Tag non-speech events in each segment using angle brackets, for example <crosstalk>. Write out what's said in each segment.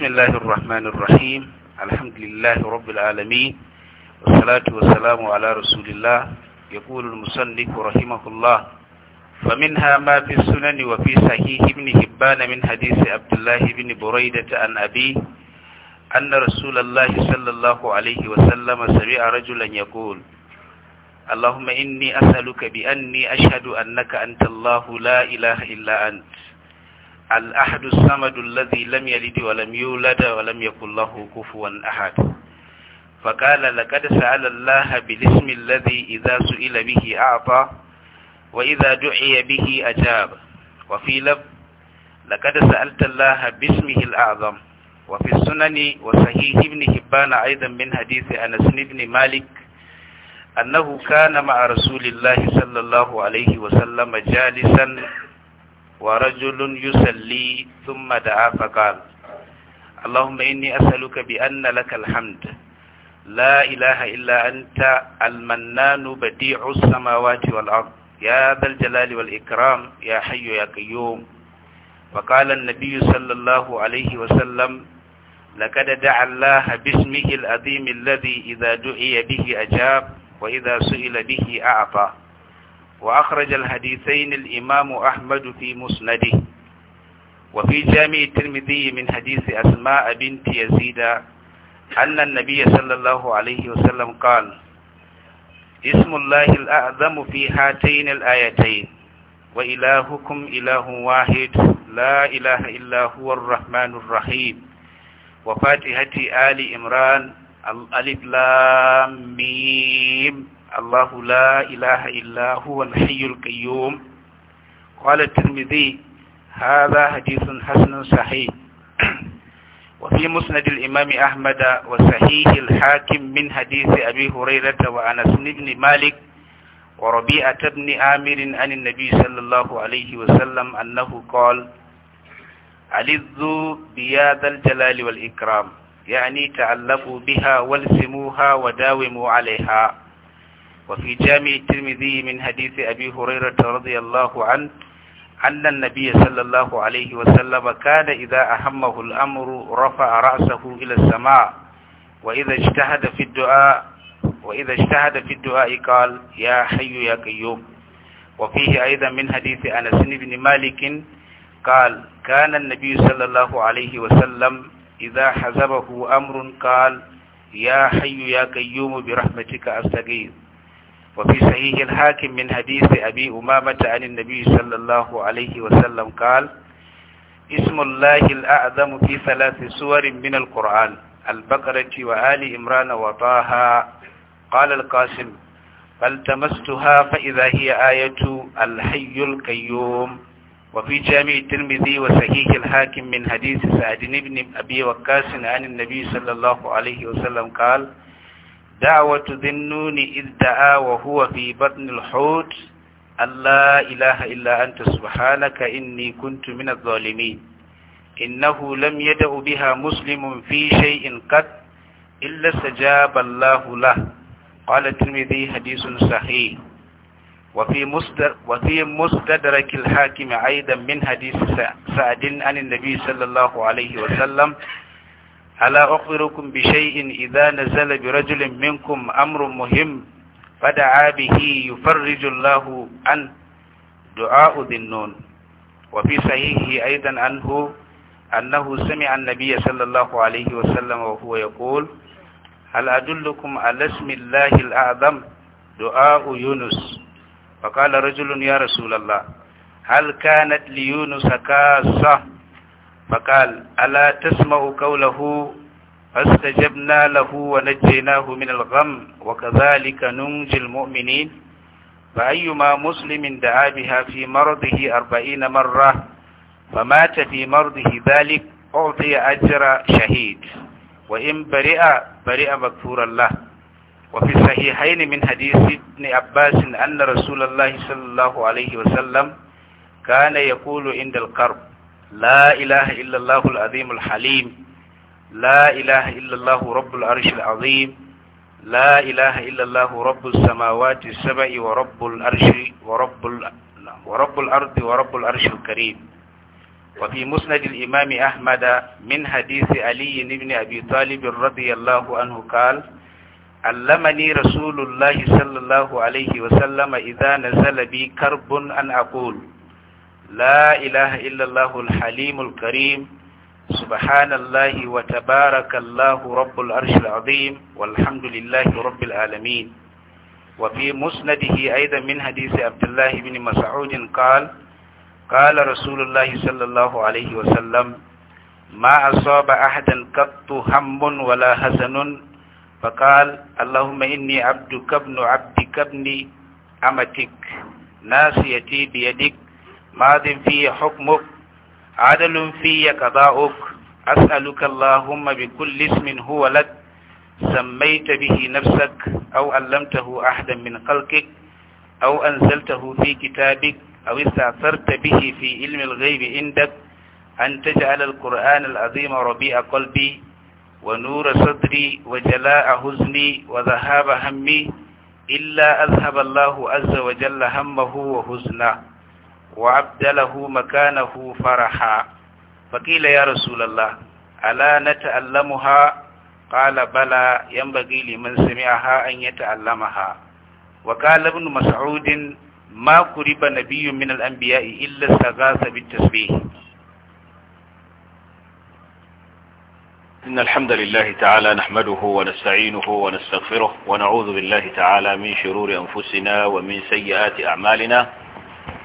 بسم الله الرحمن الرحيم الحمد لله رب العالمين والصلاة والسلام على رسول الله يقول المصنف رحمه الله فمنها ما في السنن وفي صحيح ابن هبان من حديث عبد الله بن بريدة عن أبيه أن رسول الله صلى الله عليه وسلم سمع رجلا يقول اللهم إني أسألك بأني أشهد أنك أنت الله لا إله إلا أنت الأحد الصمد الذي لم يلد ولم يولد ولم يكن له كفوا أحد فقال لقد سأل الله بالاسم الذي إذا سئل به أعطى وإذا دعي به أجاب وفي لب لقد سألت الله باسمه الأعظم وفي السنن وصحيح ابن حبان أيضا من حديث أنس بن مالك أنه كان مع رسول الله صلى الله عليه وسلم جالسا ورجل يصلي ثم دعا فقال اللهم إني أسألك بأن لك الحمد لا إله إلا أنت المنان بديع السماوات والأرض يا ذا الجلال والإكرام يا حي يا قيوم وقال النبي صلى الله عليه وسلم لقد دعا الله باسمه العظيم الذي إذا دعي به أجاب وإذا سئل به أعطى وأخرج الحديثين الإمام أحمد في مسنده وفي جامع الترمذي من حديث أسماء بنت يزيد أن النبي صلى الله عليه وسلم قال اسم الله الأعظم في هاتين الآيتين وإلهكم إله واحد لا إله إلا هو الرحمن الرحيم وفاتحة آل إمران الألف لام ميم الله لا إله إلا هو الحي القيوم قال الترمذي هذا حديث حسن صحيح وفي مسند الإمام أحمد وصحيح الحاكم من حديث أبي هريرة وأنس بن مالك وربيعة بن عامر عن النبي صلى الله عليه وسلم أنه قال ألذوا بياذ الجلال والإكرام يعني تعلقوا بها والزموها وداوموا عليها وفي جامع الترمذي من حديث أبي هريرة رضي الله عنه أن النبي صلى الله عليه وسلم كان إذا أهمه الأمر رفع رأسه إلى السماء وإذا اجتهد في الدعاء وإذا اجتهد في الدعاء قال يا حي يا قيوم وفيه أيضا من حديث أنس بن مالك قال كان النبي صلى الله عليه وسلم إذا حزبه أمر قال يا حي يا قيوم برحمتك أستغيث وفي صحيح الحاكم من حديث أبي أمامة عن النبي صلى الله عليه وسلم قال اسم الله الأعظم في ثلاث سور من القرآن البقرة وآل إمران وطاها قال القاسم فالتمستها فإذا هي آية الحي القيوم وفي جامع الترمذي وصحيح الحاكم من حديث سعد بن أبي وقاص عن النبي صلى الله عليه وسلم قال دعوة ذي النون إذ دعا وهو في بطن الحوت الله إله إلا أنت سبحانك إني كنت من الظالمين إنه لم يدع بها مسلم في شيء قد إلا استجاب الله له قال الترمذي حديث صحيح وفي مصدر وفي مستدرك الحاكم أيضا من حديث سعد عن النبي صلى الله عليه وسلم ألا أخبركم بشيء إذا نزل برجل منكم أمر مهم فدعا به يفرج الله عن دعاء ذي النون وفي صحيحه أيضا عنه أنه سمع النبي صلى الله عليه وسلم وهو يقول هل أدلكم على اسم الله الأعظم دعاء يونس فقال رجل يا رسول الله هل كانت ليونس كاسة فقال ألا تسمع قوله فاستجبنا له ونجيناه من الغم وكذلك ننجي المؤمنين فأيما مسلم دعا بها في مرضه أربعين مرة فمات في مرضه ذلك أعطي أجر شهيد وإن برئ برئ مغفورا له وفي الصحيحين من حديث ابن عباس أن رسول الله صلى الله عليه وسلم كان يقول عند القرب لا إله إلا الله العظيم الحليم لا إله إلا الله رب العرش العظيم لا إله إلا الله رب السماوات السبع ورب العرش ورب ال... ورب الأرض ورب العرش الكريم وفي مسند الإمام أحمد من حديث علي بن أبي طالب رضي الله عنه قال علمني رسول الله صلى الله عليه وسلم إذا نزل بي كرب أن أقول La ilaha illallah al-halim al-karim subhanallahi wa tabarakallahu rabbul arshil azim walhamdulillahi rabbil alamin wa fi musnadihi aidan min hadisi abdullah ibn mas'ud qala qala rasulullahi sallallahu alayhi wa sallam ma asaba ahadan qattu hammun wala hasanun faqala allahumma inni abduka ibn abdika ibn amatik nasiyati biyadika ماض في حكمك عدل في قضاؤك أسألك اللهم بكل اسم هو لك سميت به نفسك أو علمته أحدا من خلقك أو أنزلته في كتابك أو استعثرت به في علم الغيب عندك أن تجعل القرآن العظيم ربيع قلبي ونور صدري وجلاء حزني وذهاب همي إلا أذهب الله عز وجل همه وحزنه وعبدله مكانه فرحا فقيل يا رسول الله ألا نتألمها قال بلى ينبغي لمن سمعها أن يتألمها وقال ابن مسعود ما قرب نبي من الأنبياء إلا استغاث بالتسبيح إن الحمد لله تعالى نحمده ونستعينه ونستغفره ونعوذ بالله تعالى من شرور أنفسنا ومن سيئات أعمالنا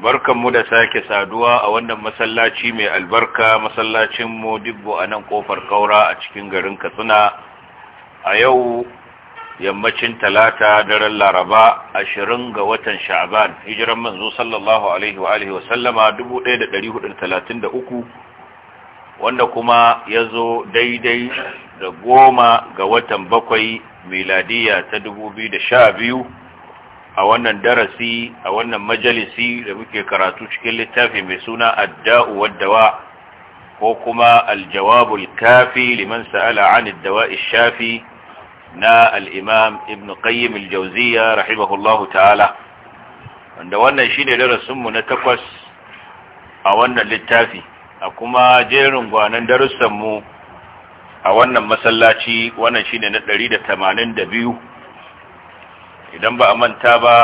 mu da sake saduwa a wannan masallaci mai albarka masallacin dubbo a nan kofar kaura a cikin garin katsina a yau yammacin talata daren laraba ashirin ga watan shaban hijiran manzo sallallahu alaihi wa alihi wasallama 1433 wanda kuma ya zo daidai da goma ga watan bakwai miladiya ta 2012 a wannan darasi a wannan majalisi da muke karatu cikin littafi mai suna adda'u waddawa ko kuma aljawabul kafi liman sa'ala an addawa'i shafi na Al'Imam ibn qayyim al rahimahullahu ta'ala wanda wannan shine darasin mu na takwas a wannan littafi a kuma jerin gwanan darussan mu a wannan masallaci wannan shine na 182 idan ba a manta ba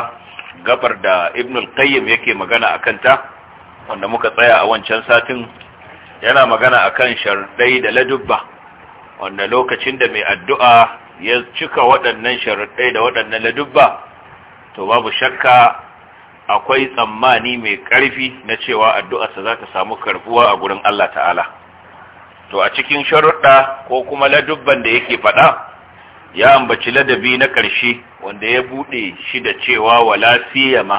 gabar da ibn qayyim yake magana akan ta wanda muka tsaya a wancan satin yana magana akan sharadai da ladubba wanda lokacin da mai addu'a ya cika waɗannan sharadai da waɗannan ladubba to babu shakka akwai tsammani mai ƙarfi na cewa addu'arsa za ta samu karbuwa a gurin Allah ta'ala to a cikin sharuɗa ko kuma ladubban da yake faɗa ya ambaci ladabi na ƙarshe wanda ya buɗe shi da cewa wala siyama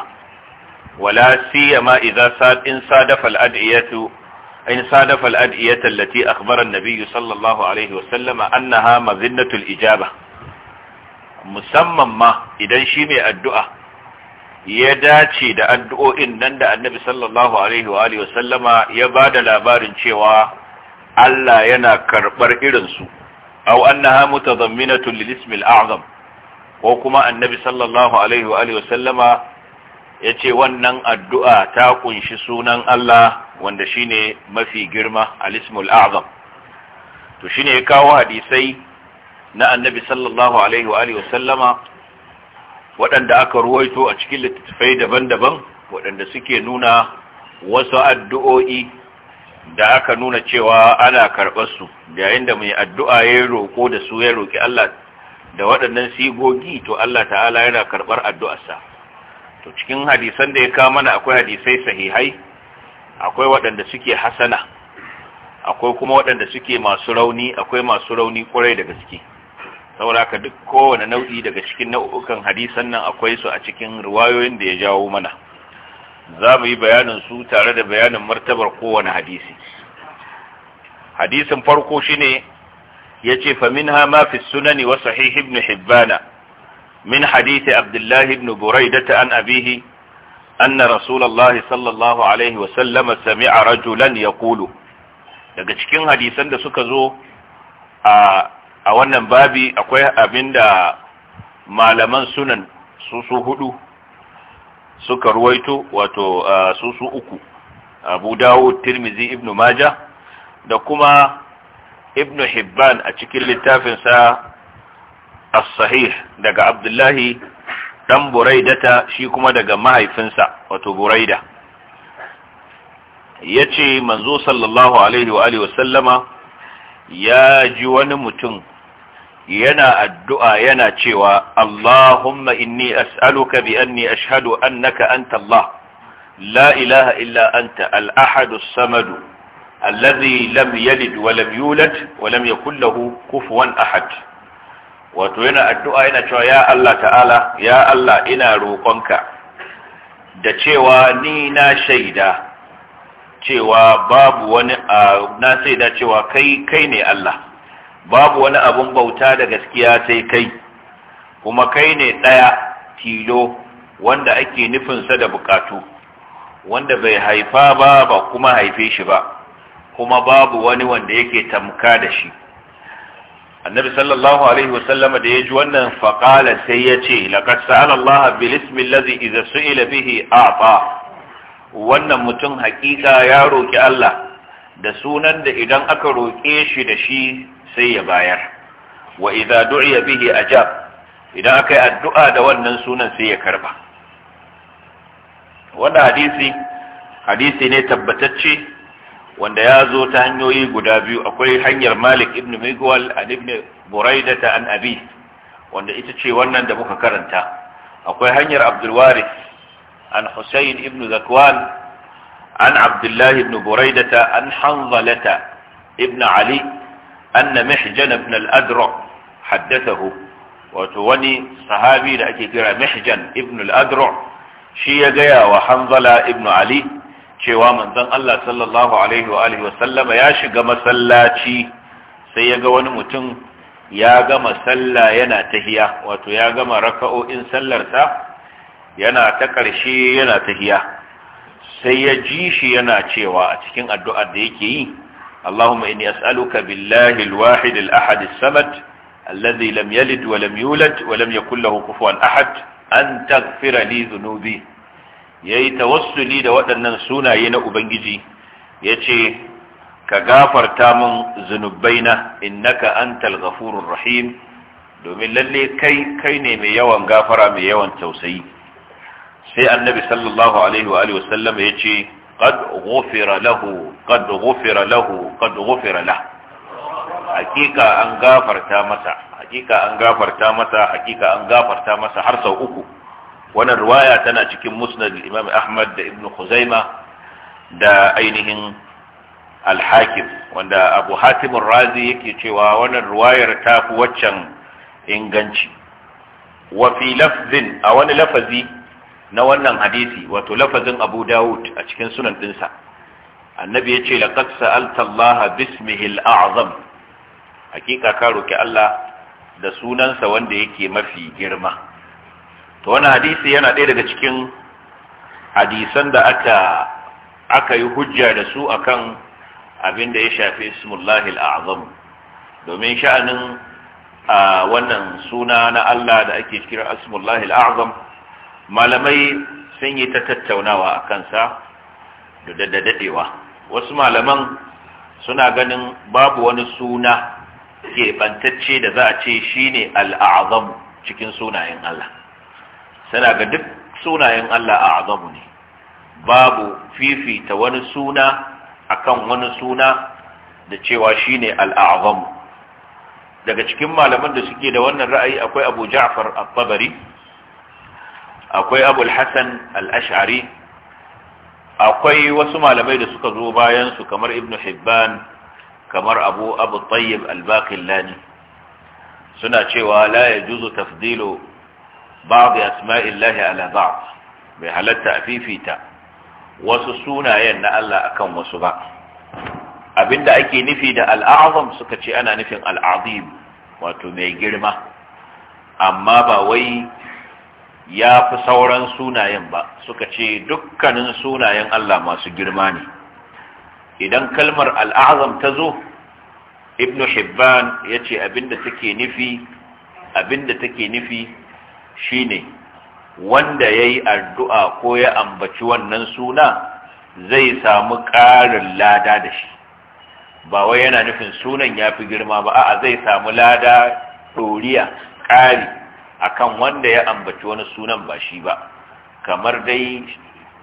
wala siyama idza sad in sadafa al in sadafa al allati akhbara an-nabiy sallallahu alaihi wa sallama annaha mazinnatu ijaba musamman ma idan shi mai addu'a ya dace da addu'o'in nan da annabi sallallahu alaihi wa alihi wa sallama ya bada labarin cewa Allah yana karɓar irinsu aw annaha mutadamminatun lil ismi al-a'zam ko kuma annabi sallallahu alaihi wa yace wannan addu'a ta kunshi sunan Allah wanda shine mafi girma a ismul a'zam to shine ya kawo hadisai na annabi sallallahu alaihi aka ruwaito a cikin littattafai daban-daban waɗanda suke nuna wasu addu'o'i da aka nuna cewa ana karɓar su yayin da mai addu'a ya roƙo da su ya roƙi Allah da waɗannan sigogi to Allah ta'ala yana karɓar addu'arsa to cikin hadisan da ya kawo mana akwai hadisai sahihai akwai waɗanda suke hasana akwai kuma waɗanda suke masu rauni akwai masu rauni kwarai da gaske saboda haka duk kowane nau'i daga cikin nau'ukan hadisan nan akwai su a cikin riwayoyin da ya jawo mana za mu yi bayanin su tare da bayanin martabar kowane hadisi hadisin farko shine yace fa minha ma fi sunani wa sahih ibn hibbana min hadisi abdullah ibn buraidah an abihi anna Rasulallah sallallahu alaihi wa sami'a rajulan yaqulu daga cikin hadisan da suka zo a a wannan babi akwai abinda malaman sunan su su hudu suka ruwaito wato su su uku abu dawo tirmizi ibnu maja da kuma ibnu hibban a cikin littafinsa as-sahih daga abdullahi dan buraidata shi kuma daga mahaifinsa wato buraida yace manzo sallallahu alaihi wa alihi ya ji wani mutum yana addu'a yana cewa Allahumma inni as'aluka bi anni ashhadu annaka anta Allah la ilaha illa anta alahadu samadu allazi lam yalid wa lam yulad wa lam kufuwan ahad wato yana addu'a yana cewa ya Allah ta'ala ya Allah ina roƙonka da cewa ni na shaida cewa babu wani na shaida cewa kai kai ne Allah babu wani abun bauta da gaskiya sai kai kuma kai ne ɗaya tilo wanda ake nufinsa da bukatu wanda bai haifa ba ba kuma haife shi ba kuma babu wani wanda yake tamka da shi annabi sallallahu alaihi wasallam da ya ji wannan faƙala sai ya ce bilis bil ismi allazi idza su'ila bihi a'ta wannan mutum haƙiƙa ya roki Allah da sunan da idan aka roƙe shi da shi sai ya bayar wa idza du'iya bihi ajab idan akai addu'a da wannan sunan sai ya karba wannan hadisi hadisi ne tabbatacce wanda ya zo ta hanyoyi guda biyu akwai hanyar Malik ibn Migwal an ibn Buraidata an Abi wanda ita ce wannan da muka karanta akwai hanyar Abdul Waris an Husayn ibn Zakwan an Abdullah ibn Buraidata an Hanzalata ibn Ali anna mihjan ibn al-adra wato wani sahabi da ake kira mihjan ibn al shi ya gaya wa hanzala ibn ali cewa manzon Allah sallallahu ya shiga masallaci sai ya ga wani mutum ya gama sallah yana tahiya wato ya gama raka'o'in sallar sa yana ta ƙarshe yana tahiya sai ya ji shi yana cewa a cikin addu'ar da yake yi اللهم إني أسألك بالله الواحد الأحد السمد الذي لم يلد ولم يولد ولم يكن له كفوا أحد أن تغفر لي ذنوبي yayi tawassuli da waɗannan sunaye na ubangiji yace ka gafarta min zunubaina innaka antal rahim domin lalle kai kai ne mai yawan gafara mai yawan tausayi sai annabi sallallahu alaihi wa alihi wasallam yace قد غفر له قد غفر له قد an gafarta masa hakika an gafarta masa hakika an gafarta masa har sau uku wannan riwaya tana cikin musnad imam ahmad da ibnu khuzaima da ainihin al-hakim wanda abu hatim razi yake cewa wannan riwayar ta fi waccan inganci Wafi fi lafzin a wani lafazi na wannan hadisi wato lafazin abu dawud a cikin sunan dinsa annabi ya ce laqad sa'alta Allah bismihi al-a'zam hakika ka roki Allah da sunansa wanda yake mafi girma to wannan hadisi yana ɗaya daga cikin hadisan da aka aka yi hujja da su akan abin da ya shafi ismullahi al-a'zam domin sha'anin a wannan suna na Allah da ake kira ismullahi al-a'zam malamai sun yi ta tattaunawa a kansa da daɗewa wasu malaman suna ganin babu wani suna keɓantacce da za a ce shi ne al'azamu cikin sunayen Allah suna ga duk sunayen Allah a'azamu ne babu fifita wani suna akan wani suna da cewa shi ne al'azamu daga cikin malaman da suke da wannan ra'ayi akwai abu ja'far al-tabari akwai abul al-ash'ari akwai wasu malamai da suka zo bayan su kamar ibn hibban kamar abu abu tayyib al-baqillani suna cewa la yajuzu tafdilu ba'd asma'illahi ala ba'd bai halatta fifita. wasu sunayen na Allah akan wasu ba abinda ake nufi da al'azam suka ce ana nufin al'azim wato mai girma amma ba wai ya fi sauran sunayen ba suka ce dukkanin sunayen Allah masu girma ne idan kalmar al'azam ta zo ibn shibban ya ce abinda take nufi abinda take nufi shine wanda ya yi addu'a ko ya ambaci wannan suna zai samu ƙarin lada da shi ba wai yana nufin sunan ya fi girma ba a zai samu lada ɗoriya ƙari akan wanda ya ambaci wani sunan ba shi ba kamar dai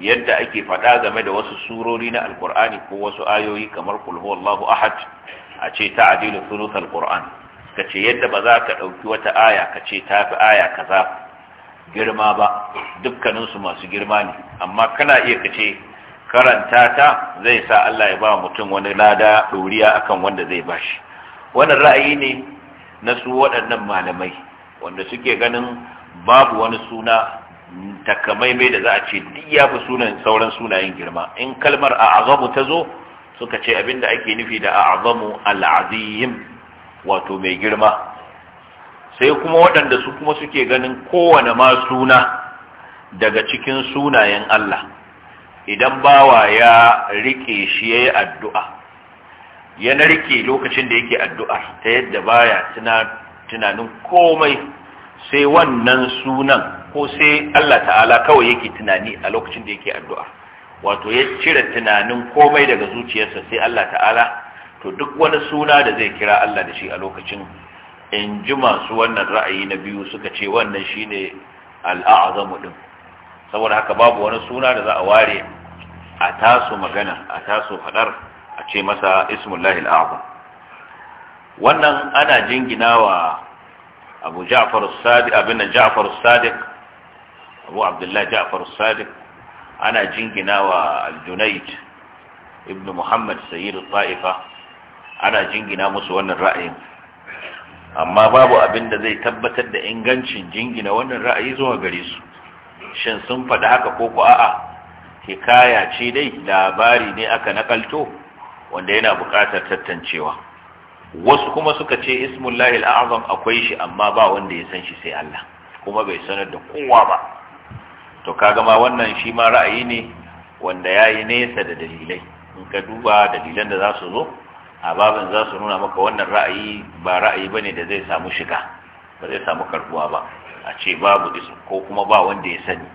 yadda ake faɗa game da wasu surori na alkur'ani ko wasu ayoyi kamar kul huwallahu ahad a ce ta adilu thuluth alquran ka ce yadda ba za ka ɗauki wata aya ka ce ta fi aya kaza girma ba dukkaninsu masu girma ne amma kana iya kace ce karanta ta zai sa Allah ya ba mutum wani lada ɗoriya akan wanda zai bashi wannan ra'ayi ne na su waɗannan malamai wanda suke ganin babu wani suna takamaimai da za a ce duk ya fi sunan sauran sunayen girma in kalmar a'azamu ta zo suka ce abinda ake nufi da a'azamu al'azim wato mai girma sai kuma waɗanda su kuma suke ganin kowane ma suna daga cikin sunayen Allah idan bawa ya rike shi yayi addu'a ya rike lokacin da yake addu'a ta yadda baya tuna tunanin komai sai wannan sunan ko sai Allah ta'ala kawai yake tunani a lokacin da yake addu'a wato ya cire tunanin komai daga zuciyarsa sai Allah ta'ala to duk wani suna da zai kira Allah da shi a lokacin in ji masu wannan ra'ayi na biyu suka ce wannan shine al'azamu din saboda haka babu wani suna da za a ware a taso magana a taso fadar a ce masa ismullahi al'azam wannan ana jingina wa abu ja'far sadiq abin da ja'far sadiq abu abdullahi ja'far sadiq ana jingina wa al-junayd ibn muhammad sayyid al-ta'ifa ana jingina musu wannan ra'ayin amma babu abin da zai tabbatar da ingancin jingina wannan ra'ayi zuwa gare su shin sun faɗi haka ko ko a'a hikaya ce dai labari ne aka nakalto wanda yana buƙatar tantancewa wasu kuma suka ce ismullahi al'azam akwai shi amma ba wanda ya san shi sai Allah kuma bai sanar da kowa ba to ka gama wannan shi ma ra'ayi ne wanda yayi nesa da dalilai in ka duba dalilan da za su zo a babin za su nuna maka wannan ra'ayi ba ra'ayi bane da zai samu shiga ba zai samu karbuwa ba a ce babu isu ko kuma ba wanda ya sani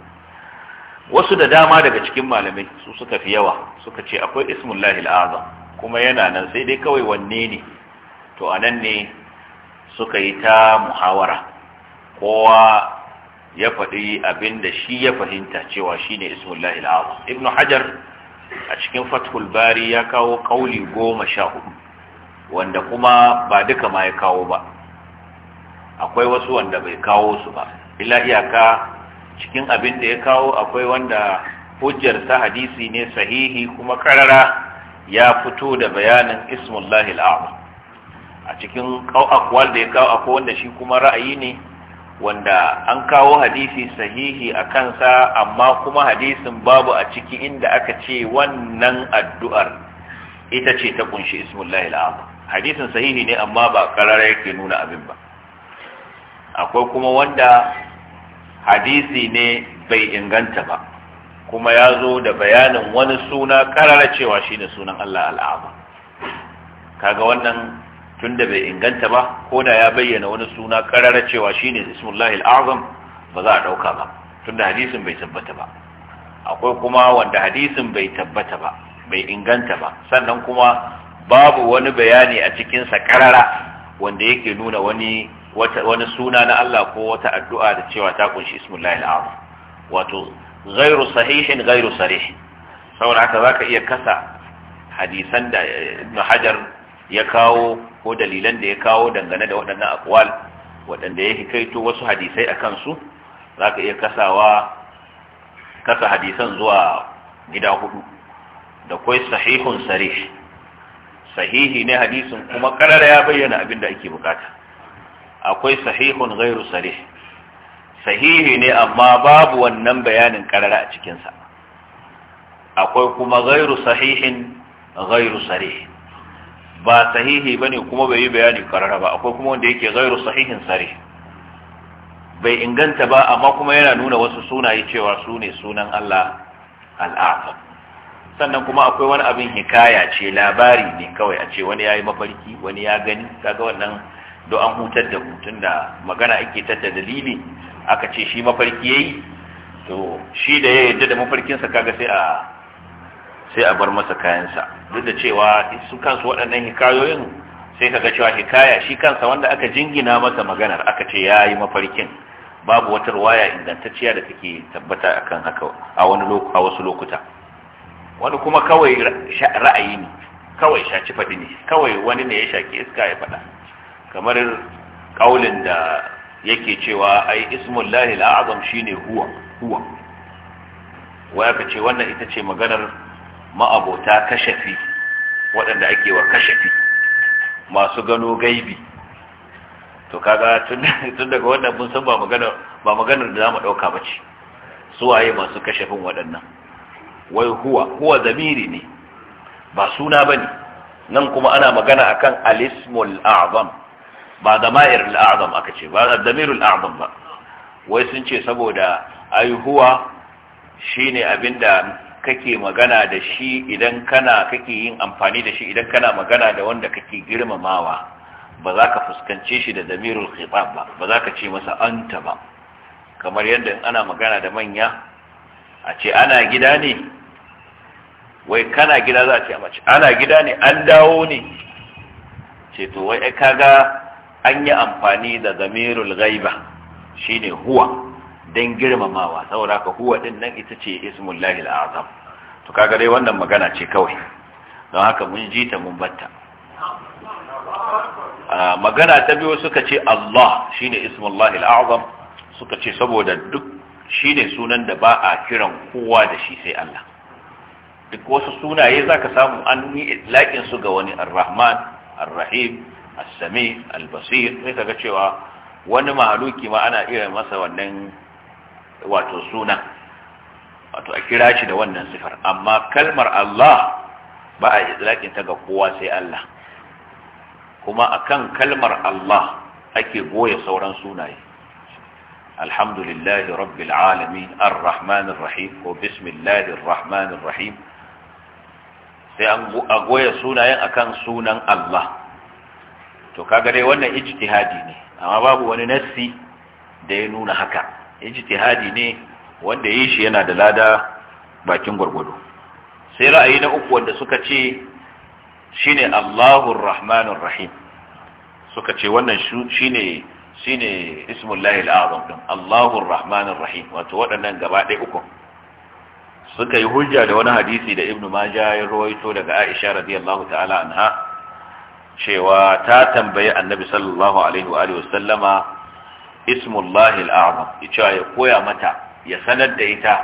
wasu da dama daga cikin malamai su suka fi yawa suka ce akwai ismullahi al'azam kuma yana nan sai dai kawai wanne ne to anan ne suka yi ta muhawara kowa ya faɗi abin da shi ya fahimta cewa shi ne ismullahi al'azam ibn hajar a cikin fathul bari ya kawo ƙauli goma sha hudu wanda kuma ba duka ma ya kawo ba akwai wasu wanda bai kawo su ba Ila iyaka cikin abin da ya kawo akwai wanda hujjar ta hadisi ne sahihi kuma karara ya fito da bayanin ismullahi al'azam a cikin akwal da ya kawo akwai wanda shi kuma ra'ayi ne wanda an kawo hadisi sahihi a kansa amma kuma hadisin babu a ciki inda aka ce wannan addu'ar ita ce ta kunshi ismullahi al'azam hadisin sahihi ne amma ba karara yake nuna abin ba akwai kuma wanda hadisi ne bai inganta ba kuma ya zo da bayanin wani suna karara cewa shi ne sunan Allah Ka kaga wannan tunda bai inganta ba ko da ya bayyana wani suna karara cewa shine ismullahi al'azam ba za a dauka ba tunda hadisin bai tabbata ba akwai kuma wanda hadisin bai tabbata ba bai inganta ba sannan kuma babu wani bayani a cikin sa karara wanda yake nuna wani wani suna na Allah ko wata addu'a da cewa ta kunshi ismullahi al'azam wato ghairu sahihin ghairu sarih saboda haka zaka iya kasa hadisan da Ibn Hajar ya kawo ko dalilan da ya kawo dangane da waɗannan akwal waɗanda ya kaito wasu hadisai a kansu za ka iya kasawa kasa hadisan zuwa gida hudu da kwai sahihun sarih sahihi ne hadisin kuma karara ya bayyana abin da ake bukata akwai sahihun gairu sarih sahihi ne amma babu wannan bayanin karara a cikinsa akwai kuma gairu sahihin gairu sarih ba sahihi bane kuma bai yi bayani karara ba akwai kuma wanda yake zairu sahihin sarih bai inganta ba amma kuma yana nuna wasu sunaye cewa su ne sunan Allah al'azam sannan kuma akwai wani abin hikaya ce labari ne kawai a ce wani ya yi mafarki wani ya gani kaga wannan do an hutar da hutun da magana ake tatta dalili aka ce shi mafarki yayi to shi da ya yarda da mafarkinsa kaga sai a sai a bar masa kayansa duk da cewa su kansu waɗannan hikayoyin sai ka ga cewa hikaya shi kansa wanda aka jingina masa maganar aka ce ya yi mafarkin babu wata ruwaya ingantacciya da take tabbata akan haka a wani a wasu lokuta wani kuma kawai ra'ayi ne kawai shaci faɗi ne kawai wani ne ya shaki iska ya faɗa kamar kaulin da yake cewa ai ismullahi la'azam shine huwa huwa waya ka ce wannan ita ce maganar ma'abota kashafi waɗanda ake wa kashafi masu gano gaibi to kaga tun <laughs> daga wannan mun san ba maganar da za mu ɗauka ba ce suwaye masu kashafin waɗannan wai huwa huwa zamiri ne ba suna ba ne nan kuma ana magana akan alismul a'zam ba dama'ir al'azam aka ce ba damirul al'azam ba wai sun ce saboda ai huwa shine abinda kake magana da shi idan kana kake yin amfani da shi idan kana magana da wanda kake girmamawa ba za ka fuskance shi da damirul khitab ba ba za ka ce masa anta ba kamar yadda ana magana da manya a ce ana gida ne wai kana gida za a ce mace ana gida ne an dawo ne ce to wai kaga an yi amfani da damirul ghaiba shine huwa don girmamawa saboda ka huwa din nan ita ce ismullahi al'azam to kaga dai wannan magana ce kawai don haka mun ji ta mun batta magana ta biyu suka ce Allah shine ismullahi al'azam suka ce saboda duk shine sunan da ba a kiran kowa da shi sai Allah duk wasu sunaye zaka samu an yi idlakin su ga wani ar-rahman ar-rahim as-sami al-basir sai ga cewa wani mahaluki ma ana iya masa wannan wato sunan wato a kira shi da wannan sifar amma kalmar Allah ba a izlaƙin ta ga kowa sai Allah kuma akan kalmar Allah ake goya sauran sunaye alhamdulillahi rabbi'l رب العالمين الرحمن الرحيم وبسم sai an goya sunayen akan sunan Allah to kaga dai wannan ijtihadi ne amma babu wani nassi da ya nuna haka ijtihadi ne wanda yi shi yana da lada bakin gwargwado sai ra'ayi na uku wanda suka ce shine Allahur Rahmanur Rahim suka ce wannan shine shine ismullahi al-azam din Allahur Rahmanur Rahim wato waɗannan gaba ɗaya uku suka yi hujja da wani hadisi da Ibn Majah ya rawaito daga Aisha radiyallahu ta'ala anha cewa ta tambayi Annabi sallallahu alaihi wa alihi wasallama ismullahi al'azam ita ya koya mata ya sanar da ita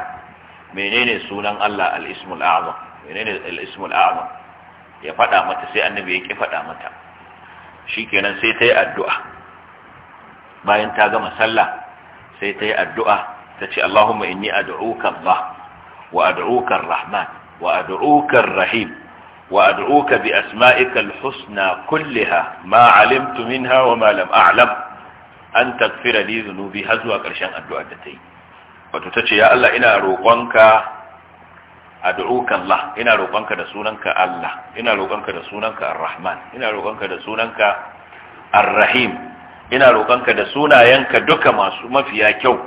menene sunan Allah al-ismul azam menene al-ismul azam ya faɗa mata sai annabi ya ki faɗa mata shikenan sai ta yi addu'a bayan ta gama sallah sai ta yi addu'a ta ce Allahumma inni ad'uka Allah wa ad'uka Rahman wa ad'uka Rahim وأدعوك husna الحسنى Ma ما علمت منها وما لم أعلم an takfira ni zunubi har zuwa ƙarshen addu'a da ta yi wato ta ce ya Allah ina roƙonka a ad'uka Allah ina roƙonka da sunanka Allah ina roƙonka da sunanka Ar-Rahman ina roƙonka da sunanka Ar-Rahim ina roƙonka da sunayenka duka masu mafiya kyau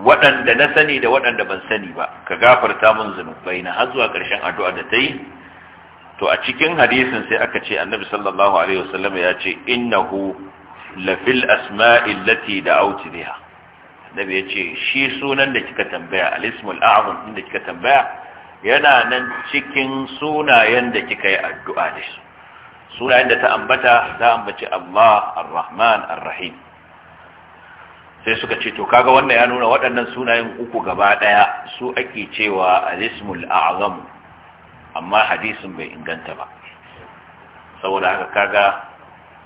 waɗanda na sani da waɗanda ban sani ba ka gafarta min zunubai na har zuwa ƙarshen addu'a da ta yi to a cikin hadisin sai aka ce annabi sallallahu alaihi wasallam ya ce innahu lafil da Auti da'awti biha annabi ce shi sunan da kika tambaya Alismul a'zam din da kika tambaya yana nan cikin sunayen da kika yi addu'a da su sunayen da ta ambata ta ambaci Allah ar-Rahman ar sai suka ce to kaga wannan ya nuna waɗannan sunayen uku gaba ɗaya su ake cewa Alismul a'zam amma hadisin bai inganta ba saboda haka kaga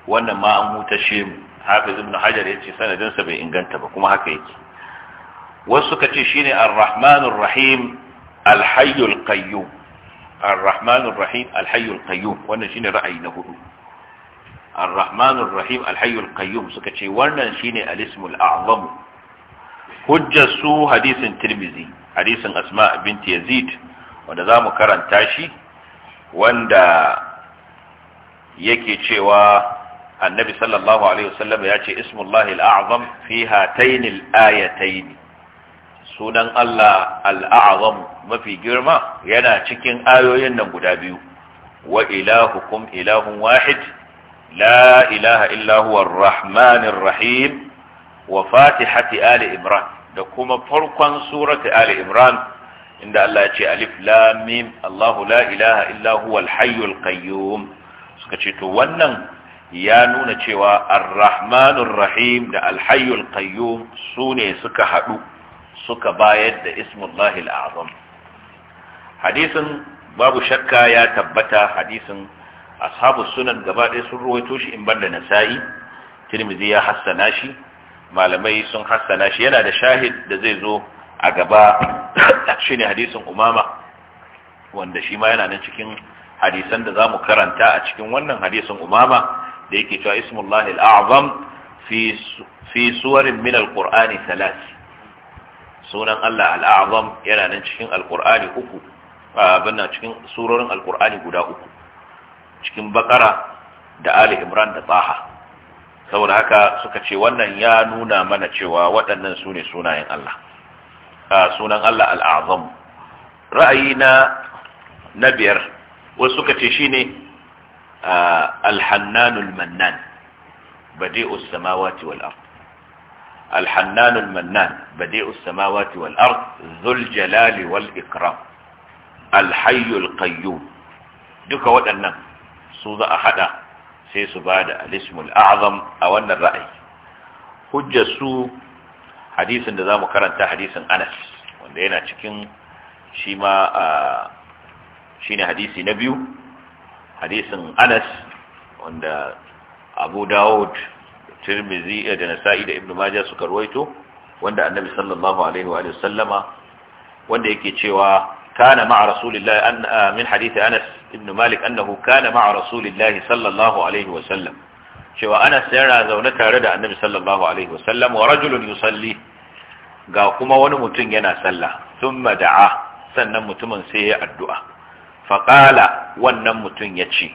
wannan ma an hutashe mu hafiz ibn hajar yace sanadin sa bai inganta ba kuma haka yake wasu ka ce shine ar-rahmanur rahim al-hayyul qayyum ar-rahmanur rahim al-hayyul qayyum wannan shine ra'ayi na hudu ar-rahmanur rahim al-hayyul qayyum suka ce wannan shine al-ismul a'zam hujjar su hadisin tirmizi hadisin asma binti yazid wanda zamu karanta shi wanda yake cewa annabi sallallahu alaihi wasallam ya ce ismullahi al'azam fi hatain al'ayatain sunan Allah al'azam mafi girma yana cikin ayoyin nan guda biyu wa ilahukum ilahun wahid la ilaha illa huwa arrahmanir rahim wa fatihati ali imran da kuma farkon surati ali imran inda Allah ya ce alif lam mim Allahu la ilaha illa huwa hayyul qayyum suka ce to wannan ya nuna cewa ar rahim da al-hayyul qayyum ne suka hadu suka bayar da ismullahi al-azam hadisin babu shakka ya tabbata hadisin ashabu sunan gaba ɗaya sun ruwaito shi in banda nasa'i tirmidhi ya hassana shi malamai sun hassana shi yana da shahid da zai zo a gaba <coughs> shine hadisin umama wanda shi ma yana nan cikin hadisan da zamu karanta a cikin wannan hadisin umama da yake cewa ismullahi al'azam fi suwarin min alqur'ani salas sunan Allah al'azam yana nan cikin alqur'ani uku abin cikin surorin alqur'ani guda uku cikin bakara da ali imran da taha saboda haka suka ce wannan ya nuna mana cewa waɗannan su ne sunayen Allah sunan Allah al'azam ra'ayi na na biyar wasu suka ce shine alhannanul mannan badi'us samawati wal ard alhannanul mannan badi'us samawati wal jalali wal ikram alhayyul qayyum duka waɗannan su za a hada sai su bada alismul a'zam a wannan ra'ayi hujjar hadisin da zamu karanta hadisin Anas wanda yana cikin shi ma shine hadisi na biyu hadisin anas wanda abu dawud tirmizi eh, da nasa'i da ibnu majah suka ruwaito wanda annabi sallallahu alaihi wa sallama wanda yake cewa kana ma'a rasulillahi an ah, min hadisi anas ibnu malik annahu kana ma'a rasulillahi sallallahu alaihi wa sallam cewa anas yana zaune tare da annabi sallallahu alaihi wa sallam wa rajulun yusalli ga kuma wani mutum yana sallah thumma da'a sannan mutumin sai ya yi addu'a faƙala wannan mutum ya ce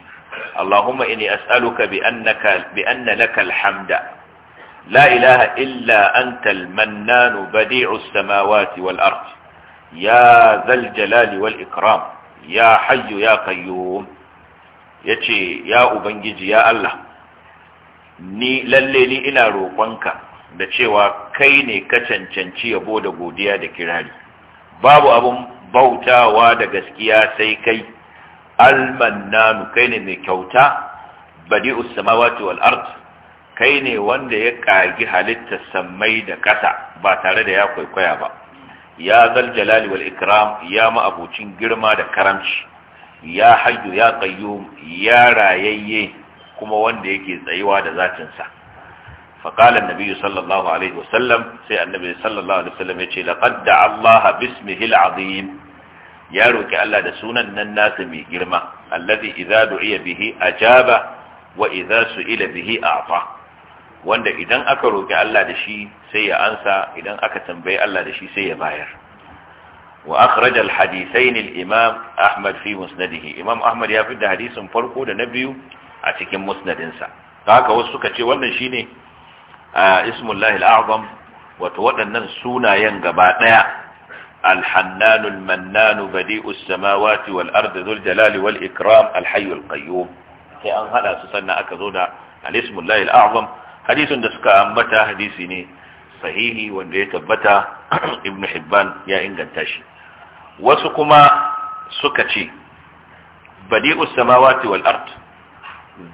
Allahumma ini as'aluka bi anna laka alhamda la ilaha illa anta almannanu badi'u samawati wal ard ya zal jalali wal ikram ya hayyu ya qayyum yace ya ubangiji ya Allah ni lalle ni ina roƙonka da cewa kai ne ka cancanci yabo da godiya da kirari babu abun bautawa da gaskiya sai kai almannanu kai ne mai kyauta badi'us samawati wal ard kai ne wanda ya kagi halittar samai da ƙasa ba tare da ya kwaikwaya ba ya zal jalali wal ikram ya ma'abucin girma da karamci ya haihu ya qayyum ya rayayye kuma wanda yake tsayuwa da zatinsa فقال النبي صلى الله عليه وسلم سي النبي صلى الله عليه وسلم يقول لقد دعا الله باسمه العظيم ya roki Allah da sunan nan nasa mai girma allazi idza du'iya bihi ajaba wa idza su'ila bihi afa. wanda idan aka roki Allah da shi sai ya ansa idan aka tambayi Allah da shi sai ya bayar wa akhraj al hadithain al imam ahmad fi musnadihi imam ahmad ya fi da hadisin farko da na biyu a cikin musnadinsa haka wasu suka ce wannan shine ismullahi al a'zam wato waɗannan sunayen gaba ɗaya الحنان المنان بديء السماوات والأرض ذو الجلال والإكرام الحي القيوم sai an hada su sannan aka zo da alismullahi al'azam hadisin da suka ambata hadisi ne sahihi wanda ya tabbata ibnu hibban ya inganta shi wasu kuma suka ce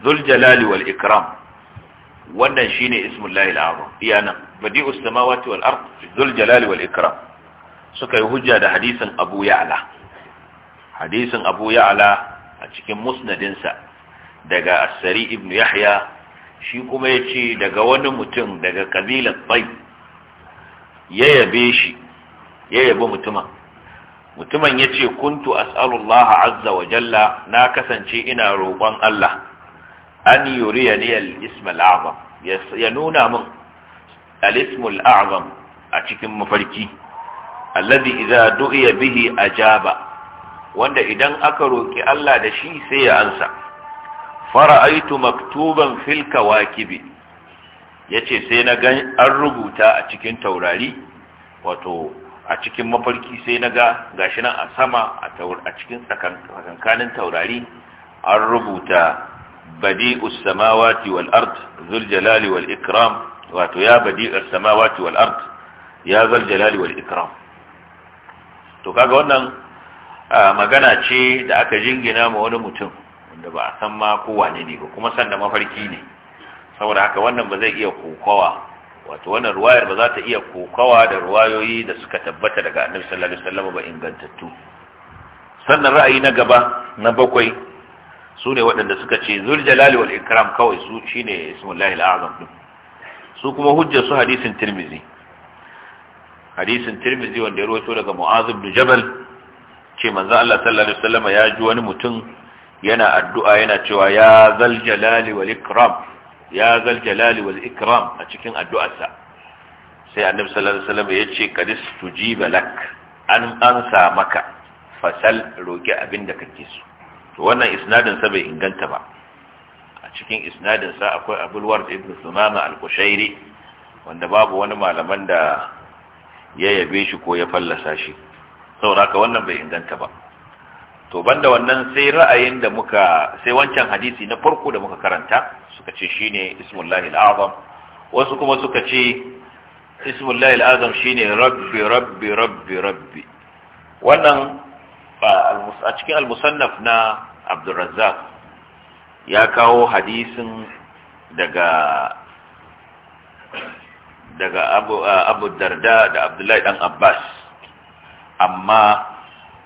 wal jalali wal ikram wannan shine ismullahi al'azam iyana badi'us samawati wal ard dhul jalali wal ikram suka yi hujja da hadisin abu ya'la hadisin abu ya'ala a cikin musnadinsa daga asari ibn yahya shi kuma ya ce daga wani mutum daga kabilar tsayi ya yabe shi ya mutumin mutumin ya ce kuntu asalullah azza wa jalla na kasance ina roƙon Allah an yuriya ni azam ya nuna min alismul azam a cikin mafarki alladhi idza du'iya bihi ajaba wanda idan aka roki Allah da shi sai ya ansa fara'aitu maktuban fil kawakibi yace sai na ga an rubuta a cikin taurari wato a cikin mafarki sai na ga gashi nan a sama a cikin tsakankanin taurari an rubuta badi'us samawati wal ard zul jalali wal ikram wato ya badi'us samawati wal ard ya zal jalali wal ikram to kaga wannan magana ce da aka jingina ma wani mutum wanda ba a san ma ko wane ne ba kuma san da mafarki ne saboda haka wannan ba zai iya kokawa wato wannan ruwayar ba za ta iya kokawa da ruwayoyi da suka tabbata daga annabi sallallahu alaihi wasallam ba ingantattu sannan ra'ayi na gaba na bakwai su ne waɗanda suka ce zul jalali wal ikram kawai su shine ismullahi al-azam din su kuma hujjar su hadisin tirmidhi hadisin tirmizi wanda ya rawaito daga mu'az ibn jabal ce manzo Allah sallallahu alaihi ya ji wani mutum yana addu'a yana cewa ya zal jalali wal ikram ya zal jalali wal ikram a cikin addu'arsa sai annabi sallallahu alaihi ya ce qadis tujiba lak an ansa maka fasal roki abinda kake so to wannan isnadin sa bai inganta ba a cikin isnadin sa akwai abul ward ibn sumama al-qushairi wanda babu wani malaman da ya yabe shi ko ya fallasa shi saboda wannan bai inganta ba to banda wannan sai ra'ayin da muka sai wancan hadisi na farko da muka karanta suka ce shine ismullahi al'azam wasu kuma suka ce ismullahi al'azam shine rabbi rabbi rabbi rabbi wannan a cikin almusannaf na Abdurrazzaq ya kawo hadisin daga daga uh, abu darda da abdullahi dan abbas amma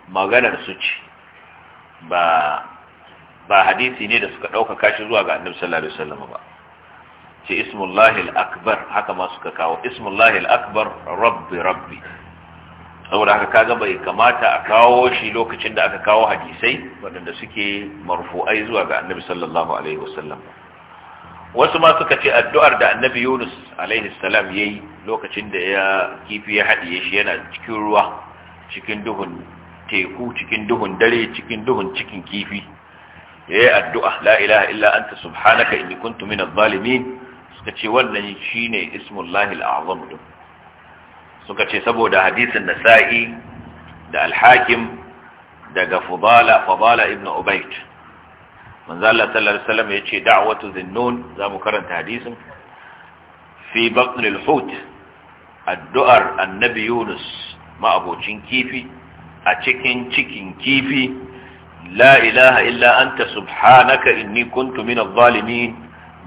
maganar su ce ba ba hadisi ne da suka ɗauka kashi zuwa ga annabi sallallahu alaihi wasallam ba ce ismullahi al-akbar haka ma suka kawo ismullahi al-akbar rabbi rabbi saboda haka kaga bai kamata a kawo shi lokacin da aka kawo hadisai waɗanda suke marfu'ai zuwa ga annabi sallallahu alaihi wasallam ba wasu ma suka ce addu'ar da annabi yunus alaihi salam ya yi lokacin da ya kifi ya haɗiye shi yana cikin ruwa cikin duhun teku cikin duhun dare cikin duhun cikin kifi ya yi addu'a la ilaha illa anta subhanaka inni kuntu min zalimin suka ce wannan shine ismullahi al'azam din suka ce saboda hadisin nasa'i da alhakim daga fudala fudala ibn ubayd manzo Allah sallallahu alaihi wasallam yace da'watu zinnun zamu karanta hadisin fi batn al-hut addu'ar annabi Yunus ma abocin kifi a cikin cikin kifi la ilaha illa anta subhanaka inni kuntu min adh-dhalimin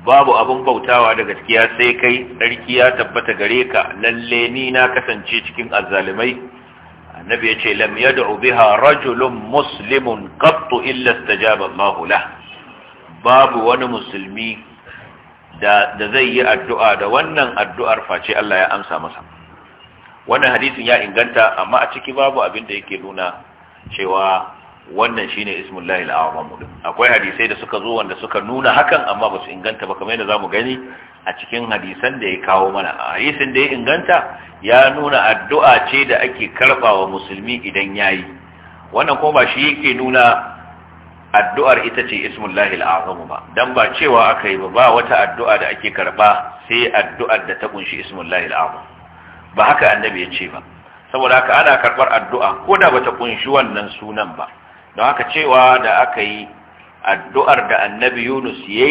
babu abun bautawa da gaskiya sai kai sarki ya tabbata gare ka lalle ni na kasance cikin azzalimai annabi yace lam yad'u biha rajulun muslimun qattu illa istajaba Allahu lahu babu wani musulmi da zai yi addu'a da wannan addu'ar face Allah ya amsa masa wannan hadisin ya inganta amma a ciki babu abin da yake nuna cewa wannan shine ismullahi al-azam akwai hadisai da suka zo wanda suka nuna hakan amma ba su inganta ba kamar yadda zamu gani a cikin hadisan da ya kawo mana hadisin da ya inganta ya nuna addu'a ce da ake karbawa musulmi idan yayi wannan kuma ba shi yake nuna addu'ar ita ce ismullahi al'azam ba dan ba cewa aka yi ba wata addu'a da ake karba sai addu'ar da ta kunshi ismullahi al'azam ba haka annabi ya ce ba saboda haka ana karɓar addu'a ko da ba ta kunshi wannan sunan ba don haka cewa da aka yi addu'ar da annabi Yunus yi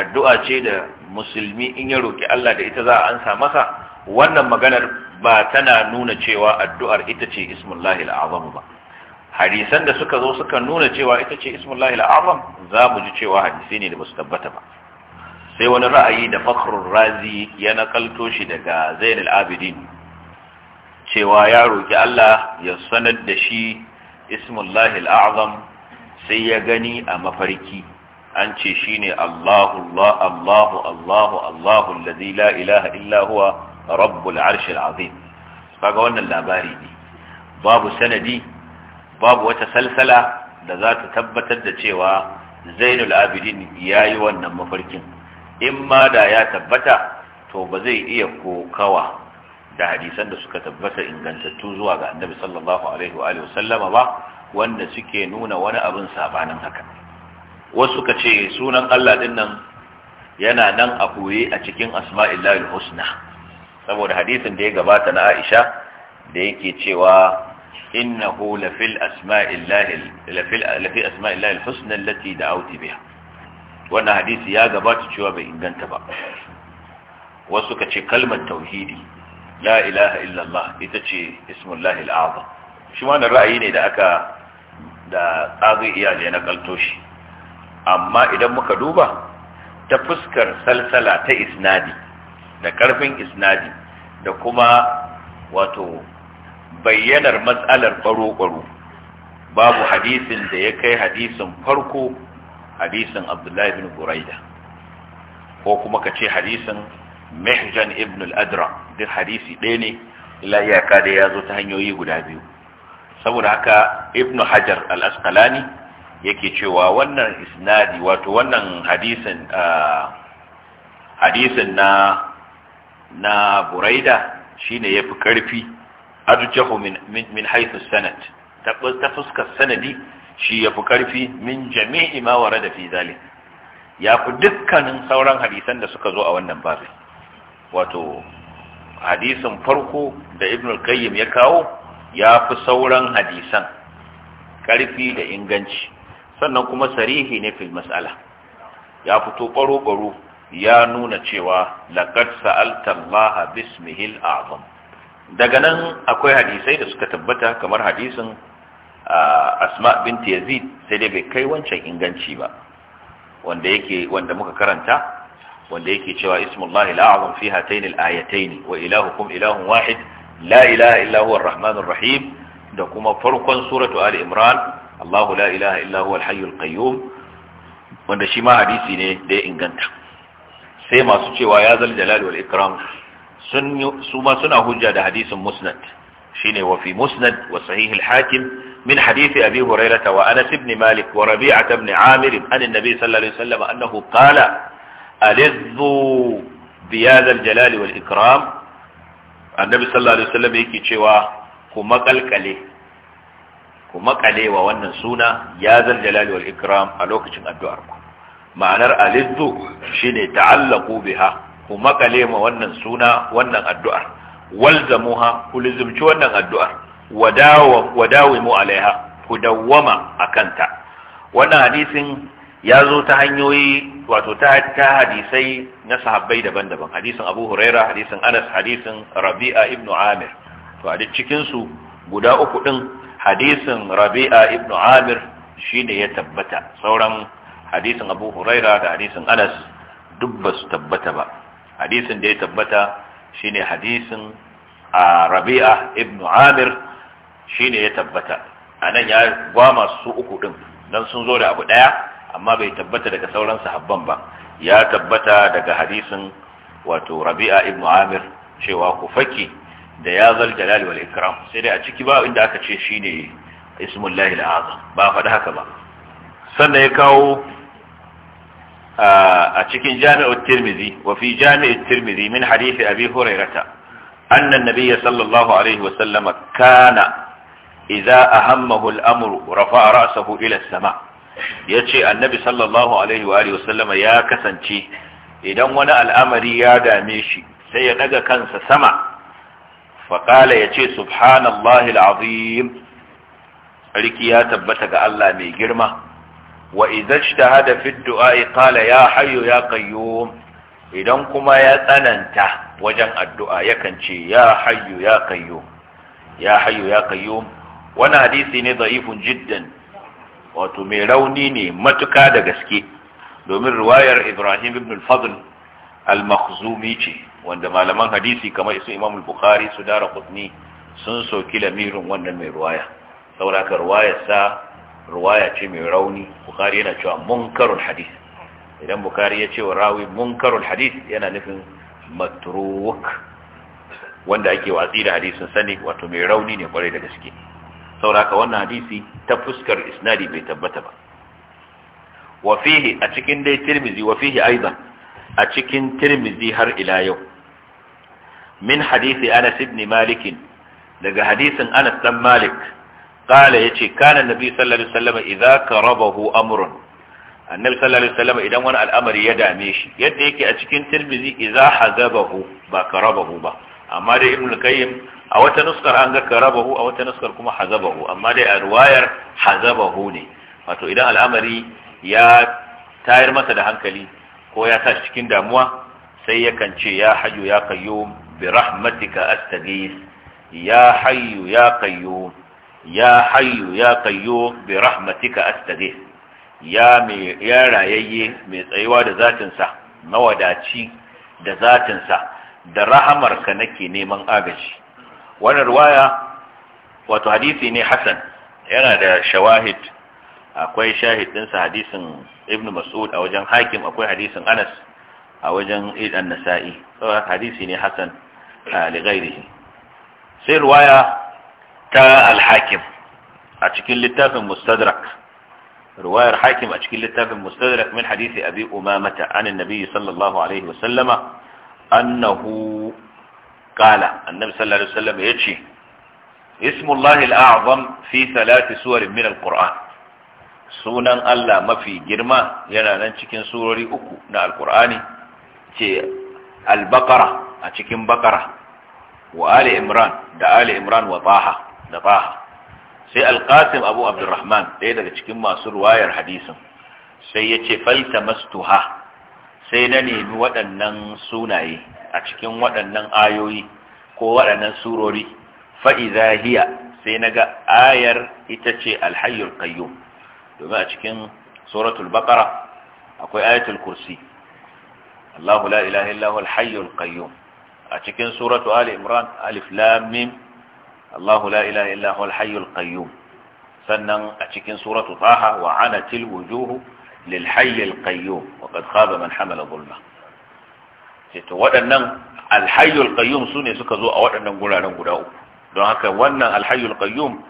addu'a ce da musulmi in ya roki Allah da ita za a ansa masa wannan maganar ba tana nuna cewa addu'ar ita ce ismullahi al'azam ba hadisan da suka zo suka nuna cewa ita ce ismullahi al'azam za mu ji cewa hadisi ne da ba su tabbata ba sai wani ra'ayi da fakhrul razi ya nakalto shi daga zainul abidin cewa ya roki Allah ya sanar da shi ismullahi al'azam sai ya gani a mafarki an ce shine Allahu Allah Allahu Allahu Allahu azim kaga wannan labari ne babu sanadi babu wata salsala da za ta tabbatar da cewa zainul abidin ya yi wannan mafarkin in ma da ya tabbata to ba zai iya kokawa da hadisan da suka tabbata ingantattu zuwa ga annabi sallallahu alaihi wa sallama ba wanda suke nuna wani abin sabanin haka wasu suka ce sunan Allah din nan yana nan a koye a cikin asma'illahi husna saboda hadisin da ya gabata na Aisha da yake cewa إنه لفي الأسماء الله لفي, لفي أسماء الله الحسنى التي دعوت بها wannan hadisi ya gabata cewa bai inganta ba wasu ka ce kalmar tauhidi la ilaha illallah ita ce ismullahi al'azam shi ma ra'ayi ne da aka da tsarin iyali na kalto shi amma idan muka duba ta fuskar salsala ta isnadi da karfin isnadi da kuma wato bayyanar matsalar baro-baro babu hadisin da ya kai hadisin farko hadisin abdullahi bin buraida ko kuma ka ce hadisin mihjan ibn al-adra duk hadisi ɗaya ne ila iyaka da ya zo ta hanyoyi guda biyu saboda haka ibn hajar al-asqalani yake cewa wannan isnadi wato wannan hadisin hadisin na na buraida shine yafi karfi arjahu min min haythu ta fuskar sanadi shi yafi karfi min jami'i ma warada fi zalik yafi dukkanin sauran hadisan da suka zo a wannan babu wato hadisin farko da ibn al-qayyim ya kawo yafi sauran hadisan karfi da inganci sannan kuma sarihi ne fil mas'ala ya fito baro baro ya nuna cewa laqad sa'alta Allah bismihil azam daga nan akwai hadisai da suka tabbata kamar hadisin asma binti yazid sai dai bai kai wancan inganci ba wanda yake wanda muka karanta wanda yake cewa ismullahi a'zam fi hataini al-ayatayn wa ilahukum ilahun wahid la ilaha illa huwa ar-rahmanur rahim da kuma farkon suratu ali imran Allahu la ilaha illa huwa al al qayyum wanda shi ma hadisi ne da ya inganta sai masu cewa ya zal jalali wal ikram sun su ma suna hujja da hadisin musnad shine wa fi musnad wa sahih al-hakim min hadisi abi hurairah wa anas ibn malik wa rabi'ah ibn amir an an-nabi sallallahu alaihi wasallam annahu qala alizzu bi hadha al-jalal wal ikram annabi sallallahu alaihi wasallam yake cewa ku makalkale ku makale wa wannan suna ya zal jalali wal ikram a lokacin addu'ar ku ma'anar alizzu shine ta'allaqu biha ku makale ma wannan suna wannan addu'ar walzamuha ku lizumci wannan addu'ar wadawimu alaiha ku dawwama kanta. wannan hadisin ya zo ta hanyoyi wato ta hadisai na sahabbai daban-daban hadisin abu huraira hadisin anas hadisin rabi'a ibnu amir to a duk cikinsu guda uku din hadisin rabi'a ibnu amir shi ne ya tabbata sauran hadisin abu huraira da hadisin anas duk ba su tabbata ba hadisin da ya tabbata shine hadisin a rabi'a ibn amir shine ya tabbata anan ya gwama su uku din dan sun zo da abu daya amma bai tabbata daga sauran sahabban ba ya tabbata daga hadisin wato rabi'a ibn amir cewa ku fakki da ya zal jalali wal ikram sai dai a ciki ba inda aka ce shine ismullahi al ba faɗi haka ba sannan ya kawo a cikin jami'ar tirmizi wa fi jami'ar tirmizi min hadisi abi hurairata annan nabiyya sallallahu alaihi wa sallama kana idza ahammahu al-amru rafa'a ra'sahu ila as-sama yace annabi sallallahu alaihi wa alihi wa sallama ya kasance idan wani al'amari ya dame shi sai ya daga kansa sama faƙala ya ce subhanallahi al'azim riki ya tabbata ga Allah mai girma wa idza ijtahada fi qala ya hayyu ya qayyum idan kuma ya tsananta wajen addu'a yakan ce ya hayyu ya qayyum ya hayyu ya qayyum wannan hadisi ne da'ifun jiddan wato mai rauni ne matuka da gaske domin riwayar Ibrahim ibn al-Fadl al-Makhzumi ce wanda malaman hadisi kamar isu Imam al-Bukhari su dara qutni sun soki lamirin wannan mai riwaya saboda riwayar sa ruwaya ce mai rauni bukari yana cewa munkarul hadith idan bukari ya ce wa rawi munkarul hadis yana nufin matruk wanda ake watsi da hadisin sani wato mai rauni ne kwarai da gaske sauraka wannan hadisi ta fuskar isnadi bai tabbata ba Wafihi a cikin dai tirmizi wafihi fihi a cikin tirmizi har ila yau min hadisi anas ibn malik daga hadisin anas dan malik qala yace kana nabi sallallahu alaihi wasallam idza karabahu amrun annabi sallallahu alaihi wasallam idan wani al'amari ya dame shi yadda yake a cikin tirmizi idza hazabahu ba karabahu ba amma dai ibnu qayyim a wata nuskar an ga karabahu a wata nuskar kuma hazabahu amma dai a riwayar hazabahu ne wato idan al'amari ya tayar masa da hankali ko ya sa cikin damuwa sai yakan ce ya haju ya kayyum bi rahmatika astaghith ya hayyu ya qayyum ya hayyu ya kayyo bi rahmatika astaghith ya me ya rayayye mai tsayuwa da zatin sa mawadaci da zatin sa da rahamarka nake neman agaji wannan riwaya wato hadisi ne hasan yana da shawahid akwai shahid ɗinsa hadisin ibnu mas'ud a wajen hakim akwai hadisin anas a wajen idan nasa'i saboda hadisi ne hasan li ghairihi sai riwaya ta al a cikin littafin mustadrak ruwayar hakim a cikin littafin mustadrak min hadisi abi umamata an annabi sallallahu alaihi wa sallama annahu qala annabi sallallahu alaihi wa yace ismullahi al fi thalath suwar min al-qur'an sunan Allah mafi girma yana nan cikin surori uku na alkur'ani ce albaqara a cikin baqara wa ali imran da ali imran wa taha baha sai alkasim abu abdurrahman ɗaya daga cikin masu ruwayar hadisin sai ya ce mastuha sai na nemi waɗannan sunaye a cikin waɗannan ayoyi ko waɗannan surori fa'iza sai na ga ayar ita ce alhayyul qayyum domin a cikin suratul baqara akwai ayatul kursi Allahu la ilaha illa huwal hayyul a cikin suratu ali imran alif Allahu la ilaha illa huwal hayyul sannan a cikin suratu taha wa anatil wujuhu lil hayyil qayyum wa qad khaba man hamala zulma sai to waɗannan al hayyul qayyum sune suka zo a waɗannan guraren guda uku don haka wannan al hayyul qayyum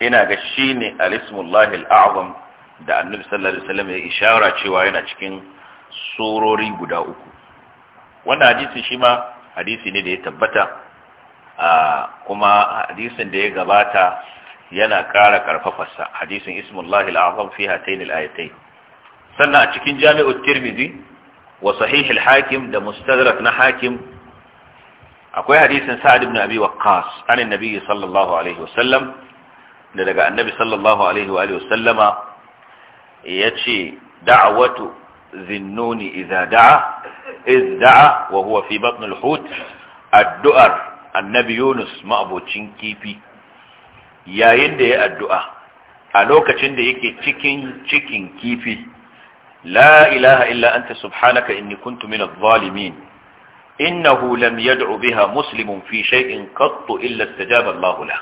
ina ga shine al ismullahi al a'zam da annabi sallallahu ya ishara cewa yana cikin surori guda uku wannan hadisi shi ma hadisi ne da ya tabbata kuma hadisin da ya gabata yana ƙara ƙarfafarsa hadisin ismullahi al'azam fi hatayn ayatai sannan a cikin jami'ut tirmidhi wa sahih hakim da mustadrak na hakim akwai hadisin sa'ad ibn abi waqqas an annabi sallallahu alaihi wasallam da daga annabi sallallahu alaihi wa alihi wasallama yace da'watu zinnuni idza da'a iz da'a wa huwa fi batn al-hut addu'ar annabi yunus ma'abocin kifi yayin da ya addu'a a lokacin da yake cikin cikin kifi la ilaha illa anta subhanaka inni kuntu min adh-dhalimin innahu lam yad'u biha muslimun fi shay'in qattu illa istajaba Allahu la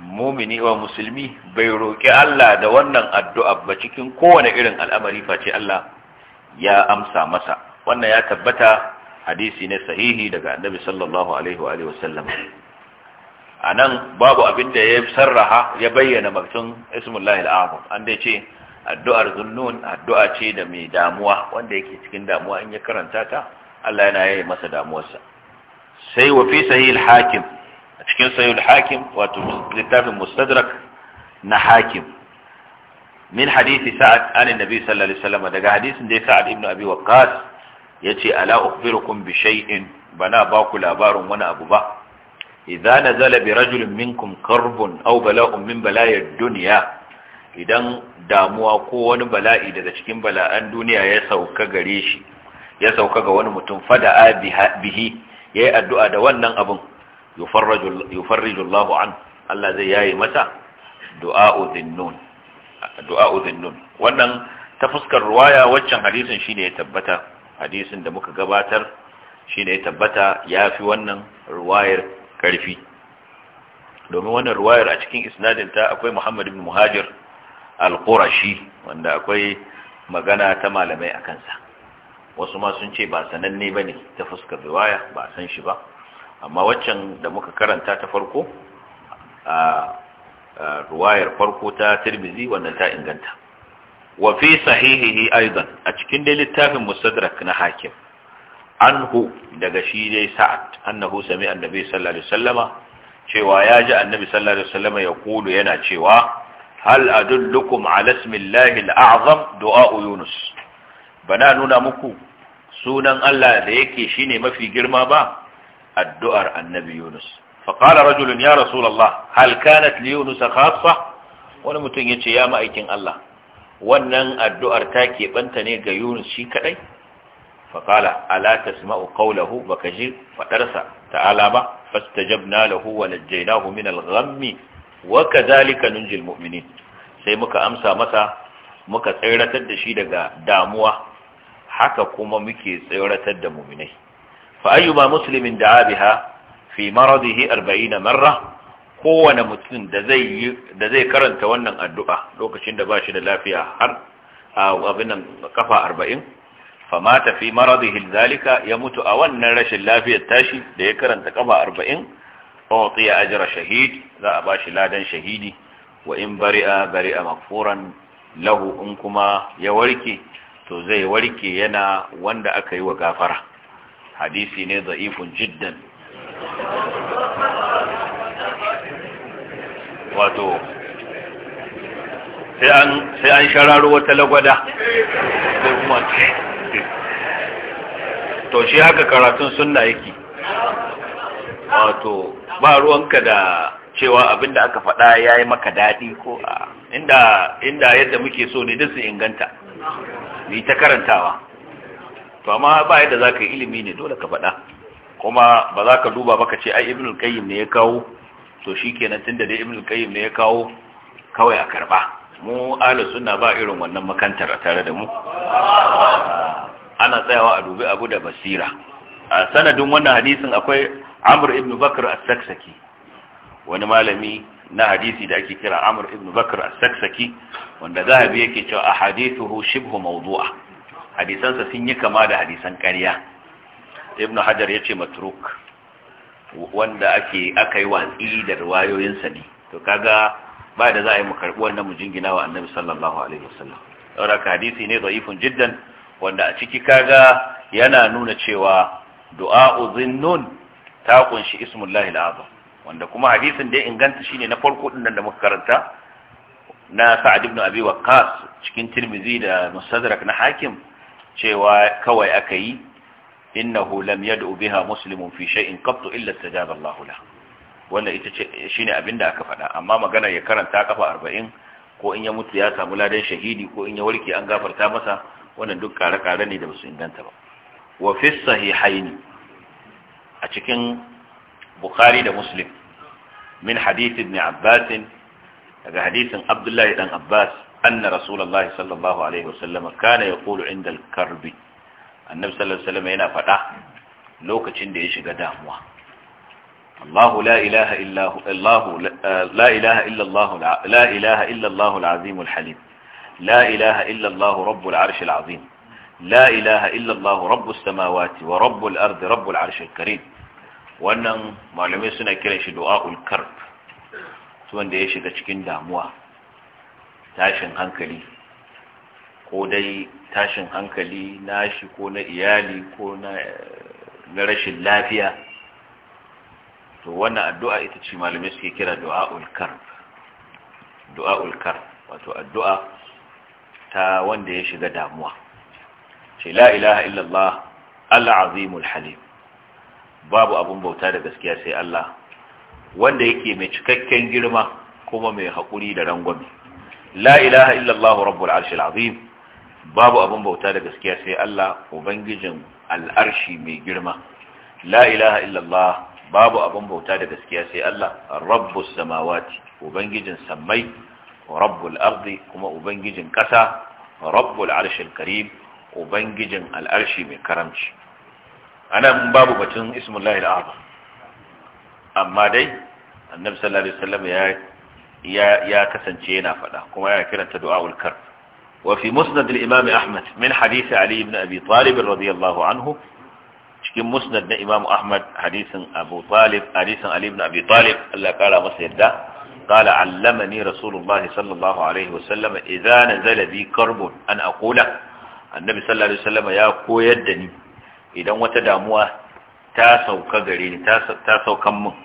mu'mini wa muslimi bai roki Allah da wannan addu'a ba cikin kowane irin al'amari face Allah ya amsa masa wannan ya tabbata hadisi ne sahihi daga annabi sallallahu alaihi wa sallam a nan babu abinda ya sarraha ya bayyana maktun ismullahi al'azam an dai ce addu'ar zunnun addu'a ce da mai damuwa wanda yake cikin damuwa in ya karanta ta Allah yana yayi masa damuwarsa sai wa fi sahih al-hakim a cikin sahih al-hakim wato littafin mustadrak na hakim min hadisi sa'ad an annabi sallallahu alaihi wasallam daga hadisin da sa'ad ibn abi waqqas ce, ala ukhbirukum bi shay'in bana ba ku labarin wani abu ba na zala bi rajulin minkum karbun au bala'un min bala'in duniya. idan damuwa ko wani bala'i daga cikin bala'an duniya ya sauka gare shi ya sauka ga wani mutum a bihi yayi addu'a da wannan abun yufarriju yufarriju Allahu an Allah zai yayi masa du'a'u dhinnun wannan ta fuskar ruwaya waccan hadisin ne ya tabbata hadisin da muka gabatar shi ne tabbata ya fi wannan ruwayar karfi domin wannan ruwayar a cikin isnadinta akwai muhammad ibn muhajir al-qurashi wanda akwai magana ta malamai a kansa wasu ma sun ce ba sananne ba ne ta fuskar riwaya ba san shi ba amma waccan da muka karanta ta farko a ruwayar farko ta tirmizi wannan ta inganta Wafi sahihihi aidan a cikin dai littafin mustadrak na hakim anhu daga shi dai sa'ad annahu sami annabi sallallahu alaihi wasallama cewa ya ji annabi sallallahu alaihi wasallama ya kulu yana cewa hal adullukum ala ismillahi al'azam du'a yunus bana nuna muku sunan Allah da yake shine mafi girma ba addu'ar annabi yunus faqala rajulun ya rasulullah hal kanat li yunus khassa wani mutum yace ya ma'aikin Allah wannan addu'ar ta keɓanta ne ga yunus shi kaɗai faƙala ala ta sima'u ƙaunahu ba ka ji faɗarsa ta'ala ba fasta jabna lahu wa najjainahu min al wa ka zalika nunjil mu'minin sai muka amsa masa muka tsiratar da shi daga damuwa haka kuma muke tsiratar da mu'minai fa ayyuma muslimin da abiha fi maradihi arba'ina marra kowane mutum da zai karanta wannan addu'a lokacin da ba shi da lafiya har a abinan kafa arba'in famata fi maradihi zalika ya mutu a wannan rashin lafiyar tashi da ya karanta kafa 40 ya ajra shahid za a shi ladan shahidi wa in bari'a a mafuran lahu in kuma ya warke to zai warke yana wanda aka yi wa gafara hadisi ne za'ifun jiddan wato sai an shararo wata lagwada sai kuma to shi haka karatun sunna yake wato ba ruwanka da cewa abinda aka faɗa ya yi maka daɗi ko a inda yadda muke so ne duk su inganta ni ta karantawa to amma ba yadda za ka yi ilimi ne dole ka faɗa kuma ba za ka duba ba ka ce ai ibnul qayyim ne ya kawo to shi kenan tun da dai ibn qayyim ne ya kawo kawai a karba mu ahlus sunna ba irin wannan makantar tare da mu ana tsayawa a dubi abu da basira a sanadin wannan hadisin akwai amr ibn bakr as-saksaki wani malami na hadisi da ake kira amr ibn bakr as-saksaki wanda zahabi yake cewa ahadithuhu shibhu mawdu'a hadisansa sun yi kama da hadisan ƙarya ibn hajar yace matruk wanda ake aka yi watsi da riwayoyinsa ne to kaga ba da za a yi mu karɓi wannan mu jingina wa annabi sallallahu alaihi wasallam saboda hadisi ne dhaifun jiddan wanda a ciki kaga yana nuna cewa du'a'u zinnun ta kunshi ismullahi al'azam wanda kuma hadisin da ya inganta shine na farko din da muka karanta na Sa'ad ibn Abi Waqqas cikin Tirmidhi da Mustadrak na Hakim cewa kawai aka yi innahu lam yad'u biha muslimun fi shay'in qattu illa istajaba Allah lahu wannan ita ce shine abinda aka faɗa amma magana ya karanta kafa 40 ko in ya mutu ya samu ladan shahidi ko in ya warke an gafarta masa wannan duk kare-kare ne da basu inganta ba wa fi a cikin bukhari da muslim min hadith ibn abbas daga hadisin abdullahi dan abbas anna rasulullahi sallallahu alaihi wasallam kana yaqulu inda al-karbi annabi sallallahu alaihi wasallam yana faɗa lokacin da ya shiga damuwa الله لا إله إلا هو الله لا إله إلا الله لا إله allahu الله العظيم الحليم لا إله إلا الله رب العرش العظيم لا إله إلا الله رب السماوات ورب الأرض رب العرش wannan malamai suna kiran shi du'a'ul karb wanda ya shiga cikin damuwa tashin hankali ko dai tashin hankali nashi ko na iyali ko na rashin lafiya to wannan addu'a ita ce malamai suke kira du'a'ul karb wato addu'a ta wanda ya shiga damuwa ce la ilaha illallah al'azimul halim babu abun bauta da gaskiya sai Allah wanda yake mai cikakken girma kuma mai haƙuri da rangwame la ilaha illallah rabbul arshil azim babu abin bauta da gaskiya sai Allah ubangijin al'arshi mai girma la ilaha illallah babu abin bauta da gaskiya sai Allah rabbus samawati ubangijin sammai rabbul ardi kuma ubangijin kasa rabbul arshil karim ubangijin al'arshi mai karamci anan babu batun ismullahi al'azam amma dai annabi sallallahu alaihi wasallam ya ya kasance yana fada kuma ya kiranta du'aul karb وفي مسند الإمام أحمد من حديث علي بن أبي طالب رضي الله عنه cikin musnad na Imam Ahmad hadisin Abu Talib hadisin Ali ibn Abi Talib Allah kara masa yadda qala allamani rasulullahi sallallahu alaihi wasallam idza nazala bi karbun an aqula annabi sallallahu alaihi ya koyar da ni idan wata damuwa ta sauka gare ta saukan mun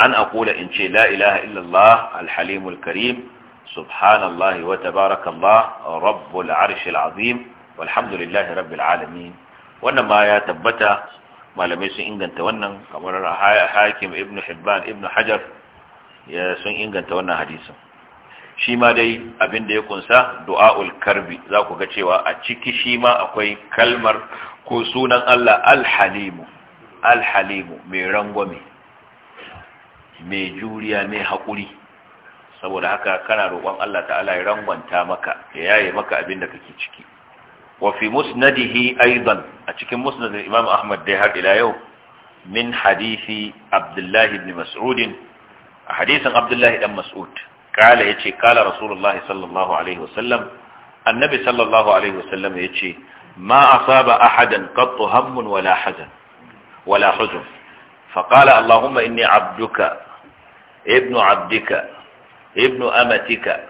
an aqula in ce la ilaha illallah alhalimul karim subhanallah wa tabarakallah rabbul arshil azim wannan ma ya tabbata malamai sun inganta wannan kamar hakim Ibnu hibban Ibnu hajar ya sun inganta wannan hadisin shi ma dai abin da ya kunsa du'a'ul karbi za ku ga cewa a ciki shima akwai kalmar ko sunan Allah alhalimu halimu mai rangwame mai juriya mai haƙuri saboda haka kana roƙon Allah ta'ala ya rangwanta maka ya yaye maka abin da kake ciki wa fi musnadihi aidan a cikin musnad Imam Ahmad dai har ila yau min hadisi Abdullah ibn Mas'ud a hadisin Abdullah dan Mas'ud kala yace kala Rasulullahi sallallahu alaihi wasallam annabi sallallahu alaihi wasallam yace ma asaba ahadan qattu hammun wala hazan wala huzn فقال اللهم إني عبدك ابن عبدك ابن أمتك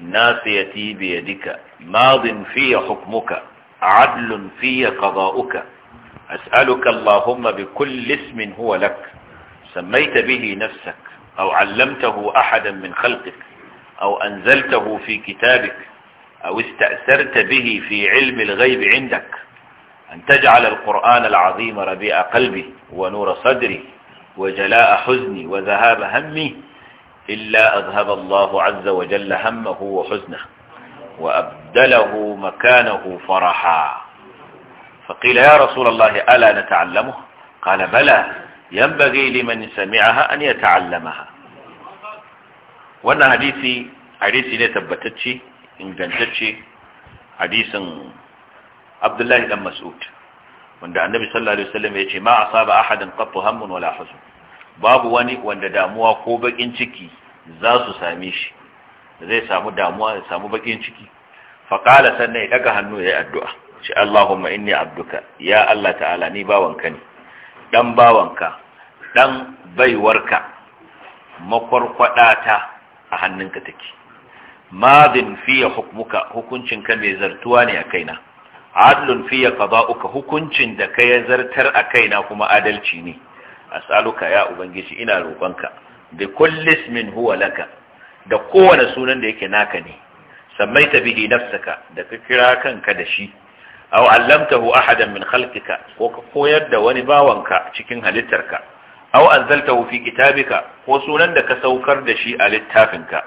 ناصيتي بيدك ماض في حكمك عدل في قضاؤك أسألك اللهم بكل اسم هو لك سميت به نفسك أو علمته أحدا من خلقك أو أنزلته في كتابك أو استأثرت به في علم الغيب عندك أن تجعل القرآن العظيم ربيع قلبي ونور صدري وجلاء حزني وذهاب همي إلا أذهب الله عز وجل همه وحزنه وأبدله مكانه فرحا فقيل يا رسول الله ألا نتعلمه قال بلى ينبغي لمن سمعها أن يتعلمها وأن حديثي حديثي نتبتتشي إن جنتتشي حديث عبد الله بن مسعود وعند النبي صلى الله عليه وسلم يجي ما أصاب أحد قط هم ولا حزن babu wani wanda damuwa ko bakin ciki za su same shi zai samu damuwa ya samu bakin ciki faqala sannan ya daga hannu ya yi addu'a shi Allahumma inni abduka ya Allah ta'ala ni bawanka ne dan bawanka dan baiwarka ta a hannunka take madin fiya hukmuka ka mai zartuwa ne a kaina adlun fiya uka hukuncin da ka ya zartar a kaina kuma adalci ne as'aluka ya ubangiji ina roƙonka bi kulli ismin huwa laka da kowane sunan da yake naka ne ta bihi nafsaka da ka kira kanka da shi aw allamtahu ahadan min khalqika ko ka koyar da wani bawanka cikin halittarka aw anzaltahu fi kitabika ko sunan da ka saukar da shi a littafinka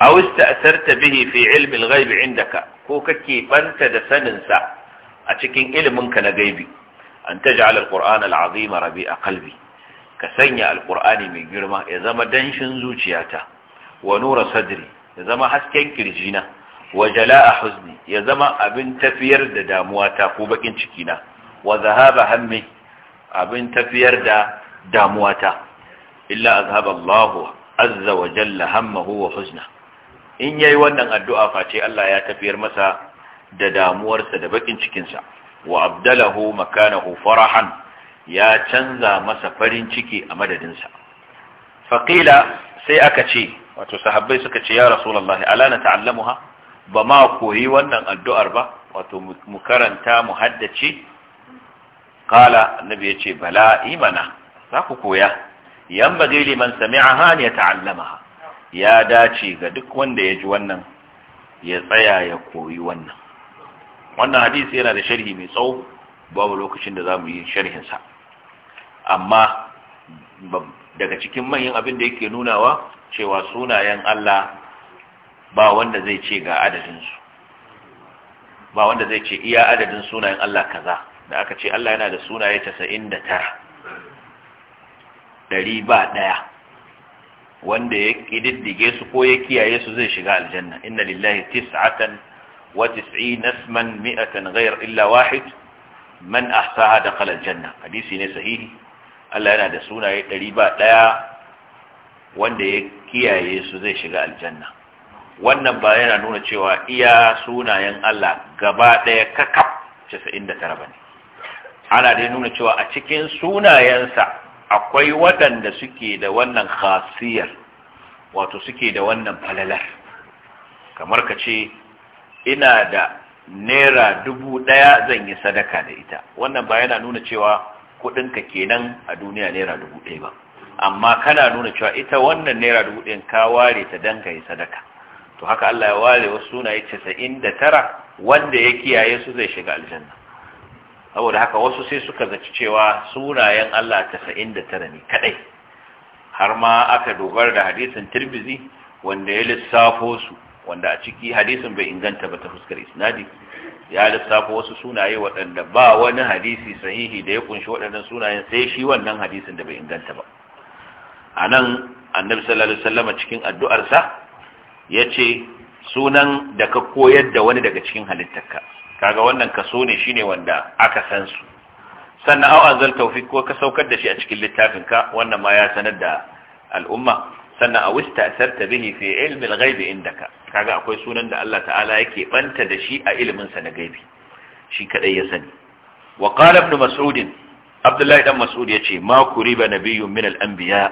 aw ista'sarta bihi fi ilmi al-ghaib indaka ko kake banta da sanin sa a cikin ilminka na gaibi an taj'al al-qur'ana al-'azima rabi'a qalbi ka sanya alkur'ani mai girma ya zama danshin zuciyata wa nura sadri ya zama hasken kirjina wa jala'a huzni ya zama abin tafiyar da damuwata ko bakin cikina wa zahaba hammi abin tafiyar da damuwata illa azhaba Allahu azza wa jalla hammahu wa huzna in yayi wannan addu'a face Allah ya tafiyar masa da damuwarsa da bakin cikinsa wa abdalahu makanahu farahan ya canza masa farin ciki a madadinsa faƙila sai aka ce wato sahabbai suka ce ya rasulallahi ala na ta'allamuha ba ma koyi wannan addu'ar ba wato mu karanta mu haddace kala annabi yace ce bala imana za ku koya yan bage liman sami'aha ne ya ta'allamaha ya dace ga duk wanda ya ji wannan ya tsaya ya koyi wannan wannan hadisi yana da sharhi mai tsawo babu lokacin da za mu yi sharhinsa amma daga cikin manyan abin da yake nunawa cewa sunayen Allah ba wanda zai ce ga adadinsu ba wanda zai ce iya adadin sunayen Allah kaza da aka ce Allah yana da sunaye 99 ɗari ba ɗaya wanda ya ƙididdige su ko ya kiyaye su zai shiga aljanna inna lillahi tis'atan wa tis'ina asman mi'atan ghayr illa wahid man ahsaha dakhala aljanna hadisi ne sahihi Allah yana da sunaye ɗari ba ɗaya wanda ya kiyaye su zai shiga aljanna wannan ba yana nuna cewa iya sunayen Allah gaba ɗaya kakaf casa'in tara ba ne ana dai nuna cewa a cikin sunayensa akwai waɗanda suke da wannan khasiyar wato suke da wannan falalar kamar ka ce ina da naira dubu ɗaya zan yi sadaka da ita wannan ba yana nuna cewa ka kenan a duniya naira dubu ɗaya ba amma kana nuna cewa ita wannan naira dubu ɗayan ka ware ta danka yi sadaka to haka Allah ya ware wasu sunaye casa'in da tara wanda ya kiyaye su zai shiga aljanna saboda haka wasu sai suka zaci cewa sunayen Allah casa'in da tara ne kaɗai har ma aka dogara da hadisin tirbizi wanda ya lissafo su wanda a ciki hadisin bai inganta ba ta fuskar isnadi ya lissafo wasu sunaye waɗanda ba wani hadisi sahihi da ya kunshi waɗannan sunayen sai shi wannan hadisin da bai inganta ba a nan annabi sallallahu alaihi wasallam cikin addu'arsa ya ce sunan da ka koyar da wani daga cikin halittarka kaga wannan kaso ne shine wanda aka san su sannan au anzal tawfiq ko ka saukar da shi a cikin littafinka wannan ma ya sanar da al'umma sannan a wista sarta bihi fi ilmi al-ghaibi indaka kaga akwai sunan da Allah ta'ala yake banta da shi a ilimin sa na gaibi shi kadai ya sani wa qala ibn mas'ud Abdullahi dan Mas'ud yace ma kuriba nabiyyun min al-anbiya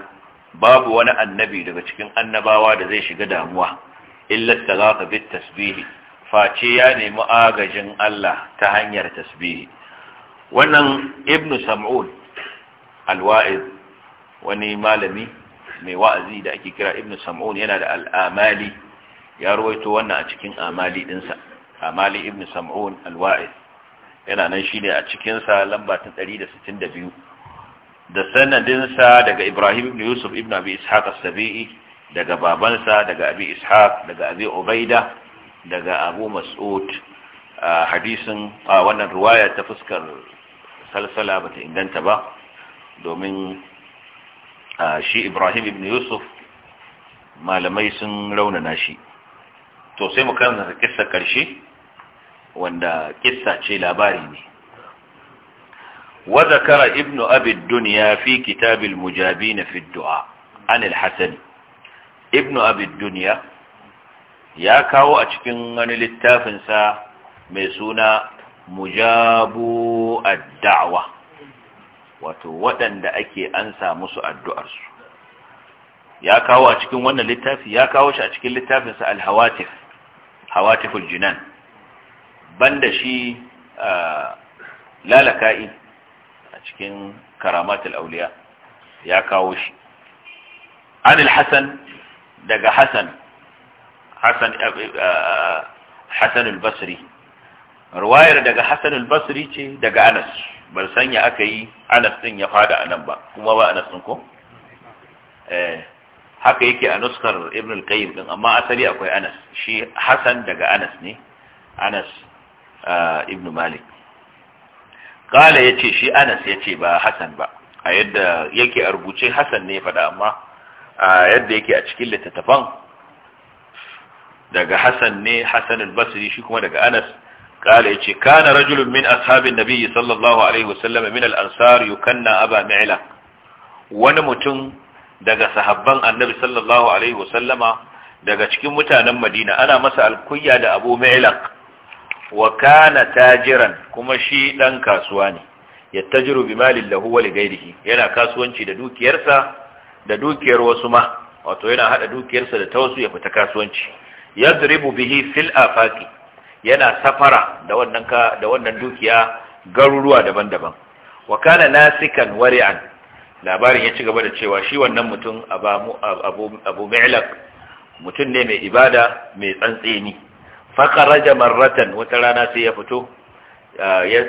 babu wani annabi daga cikin annabawa da zai shiga damuwa illa taghafa bit tasbih face ya nemi agajin Allah ta hanyar tasbih wannan ibn sam'ud al-wa'id wani malami mai wa'azi da ake kira ibn sam'un yana da al'amali ya ruwaito wannan a cikin amali ɗinsa amali ibn sam'un al yana nan shi ne, a cikin lamba ta 162 da sanadinsa sanadinsa daga Ibrahim ibn Yusuf ibn Abi Ishaq sabii daga babansa daga Abi Ishaq daga Abi Ubaida daga Abu Mas'ud hadisin wannan ruwaya ta fuskar salsala ba ta inganta ba domin shi ibrahim ibn yusuf malamai sun raunana shi to sai mu karanta kissa karshe wanda kissa ce labari ne wa zakara ibn abi dunya fi kitab al mujabin fi du'a ibn abi dunya ya kawo a cikin wani littafinsa mai suna mujabu ad-da'wa wato waɗanda ake ansa musu addu'arsu ya kawo a cikin wannan littafi ya kawo shi a cikin littafinsa al-hawatif hawatiful jinan banda shi lalaka'i a cikin karamatul auliya ya kawo shi anil hasan daga hasan hasan al-basri ruwayar daga Hassan al-Basri ce daga Anas Bar sanya aka yi Anas din ya fada anan ba kuma ba Anas din ko eh haka yake a nuskar Ibn al-Qayyim din amma asali akwai Anas shi Hassan daga Anas ne Anas eh, Ibn Malik kala yace shi Anas yace ba Hassan ba a yadda yake a rubuce Hassan ne fada amma a yadda yake a cikin littattafan daga Hassan ne Hassan al-Basri shi kuma daga Anas قال يجي كان رجل min أصحاب النبي صلى الله عليه وسلم من الأنصار يكنى أبا معلة ونمتن daga sahabban annabi sallallahu daga cikin mutanen madina ana masa alkuyya da abu mailak wa kana tajiran kuma shi dan kasuwa ne yattajiru bi mali lahu wa li yana kasuwanci da dukiyarsa da dukiyar wasu ma wato yana haɗa dukiyarsa da ta wasu ya fita kasuwanci yadribu bihi fil afaqi yana safara da wannan ka da wannan dukiya garuruwa daban-daban wa kana nasikan wari'an labarin ya ci gaba da cewa shi wannan mutum abu abu mutum ne mai ibada mai tsantseni fa kharaja marratan wata rana sai ya fito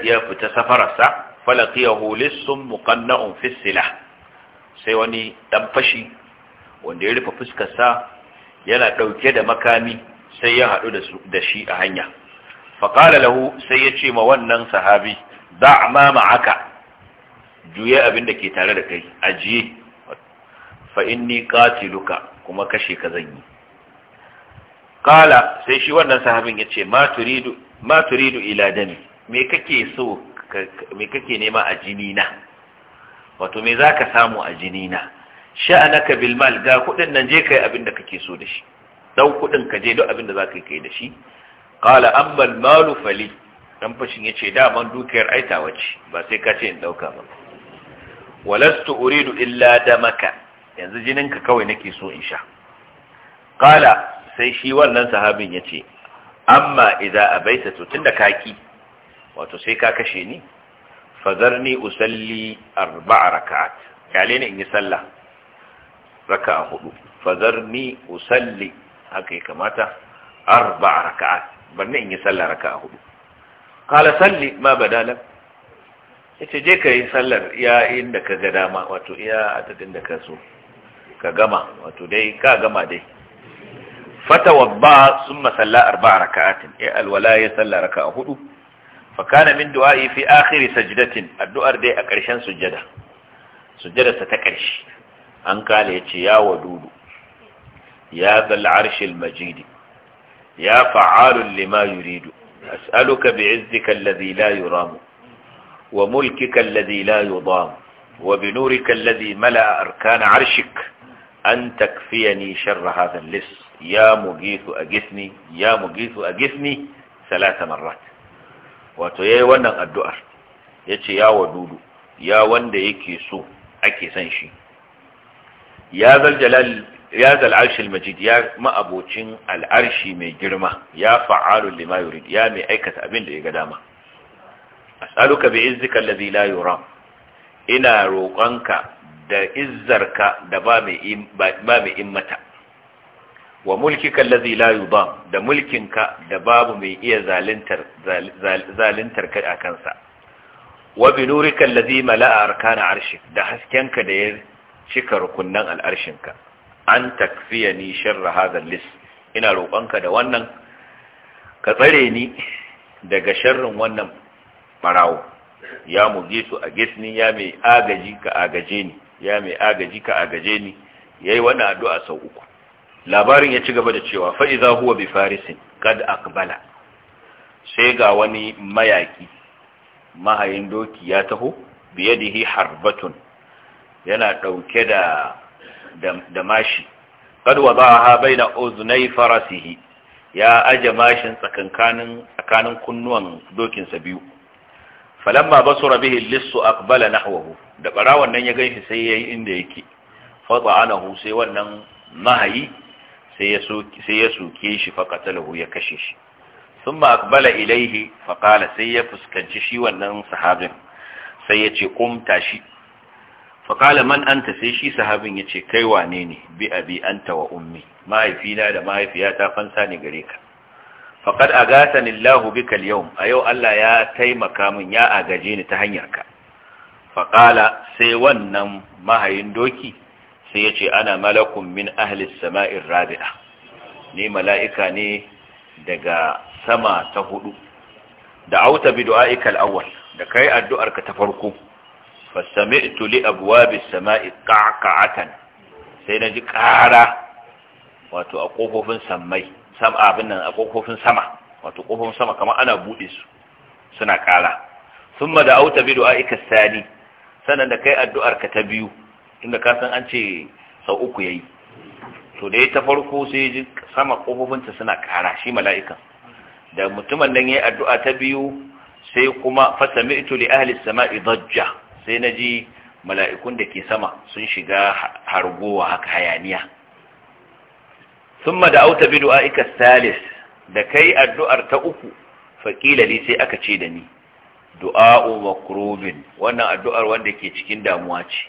ya fita safararsa falaqiyahu lissum muqanna'un fi silah sai wani dan fashi wanda ya rufe fuskarsa yana dauke da makami sai ya hadu da shi a hanya faƙala lahu sai ya ce ma wannan sahabi da ma aka juye abin da ke tare da kai ajiye fa inni qatiluka kuma kashe ka zan yi Kala sai shi wannan sahabin yace ma turidu ma turidu ila dami me kake so me kake nema a jini na wato me zaka samu a jini na sha'anaka bil mal ga kudin nan je kai abin da kake so da shi dau kudin ka je duk abin da zaka kai da shi qala amma al-malu fali dan fashin yace ban dukiyar aita wace ba sai ka ce in dauka ba walastu uridu illa damaka yanzu jininka kawai nake so in sha qala sai shi wannan sahabin yace amma idza abaita to tunda kaki wato sai ka kashe ni fazarni usalli arba'a rak'at kale ne in yi sallah raka'a hudu fazarni usalli haka kamata arba'a raka'at barni in yi sallah raka a hudu kala salli ma badala ya ce je ka yi sallar iya inda ka ga dama wato iya adadin da ka so ka gama wato dai ka gama dai fata wabba sun masalla arba atin. ya alwala ya salla raka a hudu fakana min du'a'i fi akhiri sajdatin addu'ar dai a ƙarshen sujjada sujjadarsa ta ƙarshe an kala ya ce ya wadudu ya zalla arshil majidi يا فعال لما يريد أسألك بعزك الذي لا يرام وملكك الذي لا يضام وبنورك الذي ملأ أركان عرشك أن تكفيني شر هذا اللص يا مجيث أجثني يا مجيث أجثني ثلاث مرات وتيي wannan addu'ar yace يا wadudu ya wanda yake so ake san shi ya zal ya zal arshil majid ya ma'abocin al'arshi mai girma ya fa'alu lima yurid ya mai aikata abin da ya ga dama as'aluka bi izzika allazi la yura ina roƙonka da izzarka da ba mai ba mai immata wa mulkika allazi la yudam da mulkinka da babu mai iya zalintar zalintar kai a kansa wa bi nurika allazi mala'a arkana arshik da haskenka da ya cika rukunnan al'arshinka an ni sharra hadha lis ina roƙonka da wannan ka tsare ni daga sharrin wannan barawo ya mu mugisu a gisni ya mai agaji ka agaje ni ya mai agaji ka agaje ni yayi wannan addu'a sau uku labarin ya ci gaba da cewa fa za huwa bi farisin kad aqbala sai ga wani mayaki mahayin doki ya taho biyadihi harbatun yana ɗauke da da mashi kad wadaha da uznai farasihi ya aje mashin tsakankanin tsakanin kunnuwan dokin sa biyu falamma basura bihi lissu aqbala nahwahu da bara wannan ya ganshi sai yayi inda yake fa ta'anahu sai wannan mahayi sai ya soke sai shi fa qatalahu ya kashe shi thumma aqbala ilayhi fa qala sai ya fuskanci shi wannan sahabin sai ya ce kumta shi faƙala man an ta sai shi sahabin ya ce kai wane ne bi bi an ta wa ummi mahaifina da mahaifiyata fansa ne gare ka faƙad a gasanin lahu bi yau, a yau Allah ya taimaka min ya agaje ni ta hanyarka faƙala sai wannan mahayin doki sai ya ce ana malakun min ahlis sama'in rabi'a ni mala'ika ne daga sama ta hudu da auta bi du'a'ikal awwal da kai addu'arka ta farko fasami'tu li abwabis sama'i qa'qa'atan sai na ji ƙara wato a kofofin sammai sam abin nan a kofofin sama wato kofofin sama kamar ana bude su suna ƙara thumma da auta bi du'aika sani sannan da kai addu'ar ka ta biyu inda ka san an ce sau uku yayi to da ta farko sai ji sama kofofinta suna ƙara shi mala'ikan da mutumin nan yayi addu'a ta biyu sai kuma fasami'tu li ahli samai dajja sai na ji mala'ikun da ke sama sun shiga hargowa haka hayaniya sun bi du'a, ika salis da kai addu'ar ta uku ne sai aka ce da ni du'a'u makrubin wannan addu'ar wanda ke cikin damuwa ce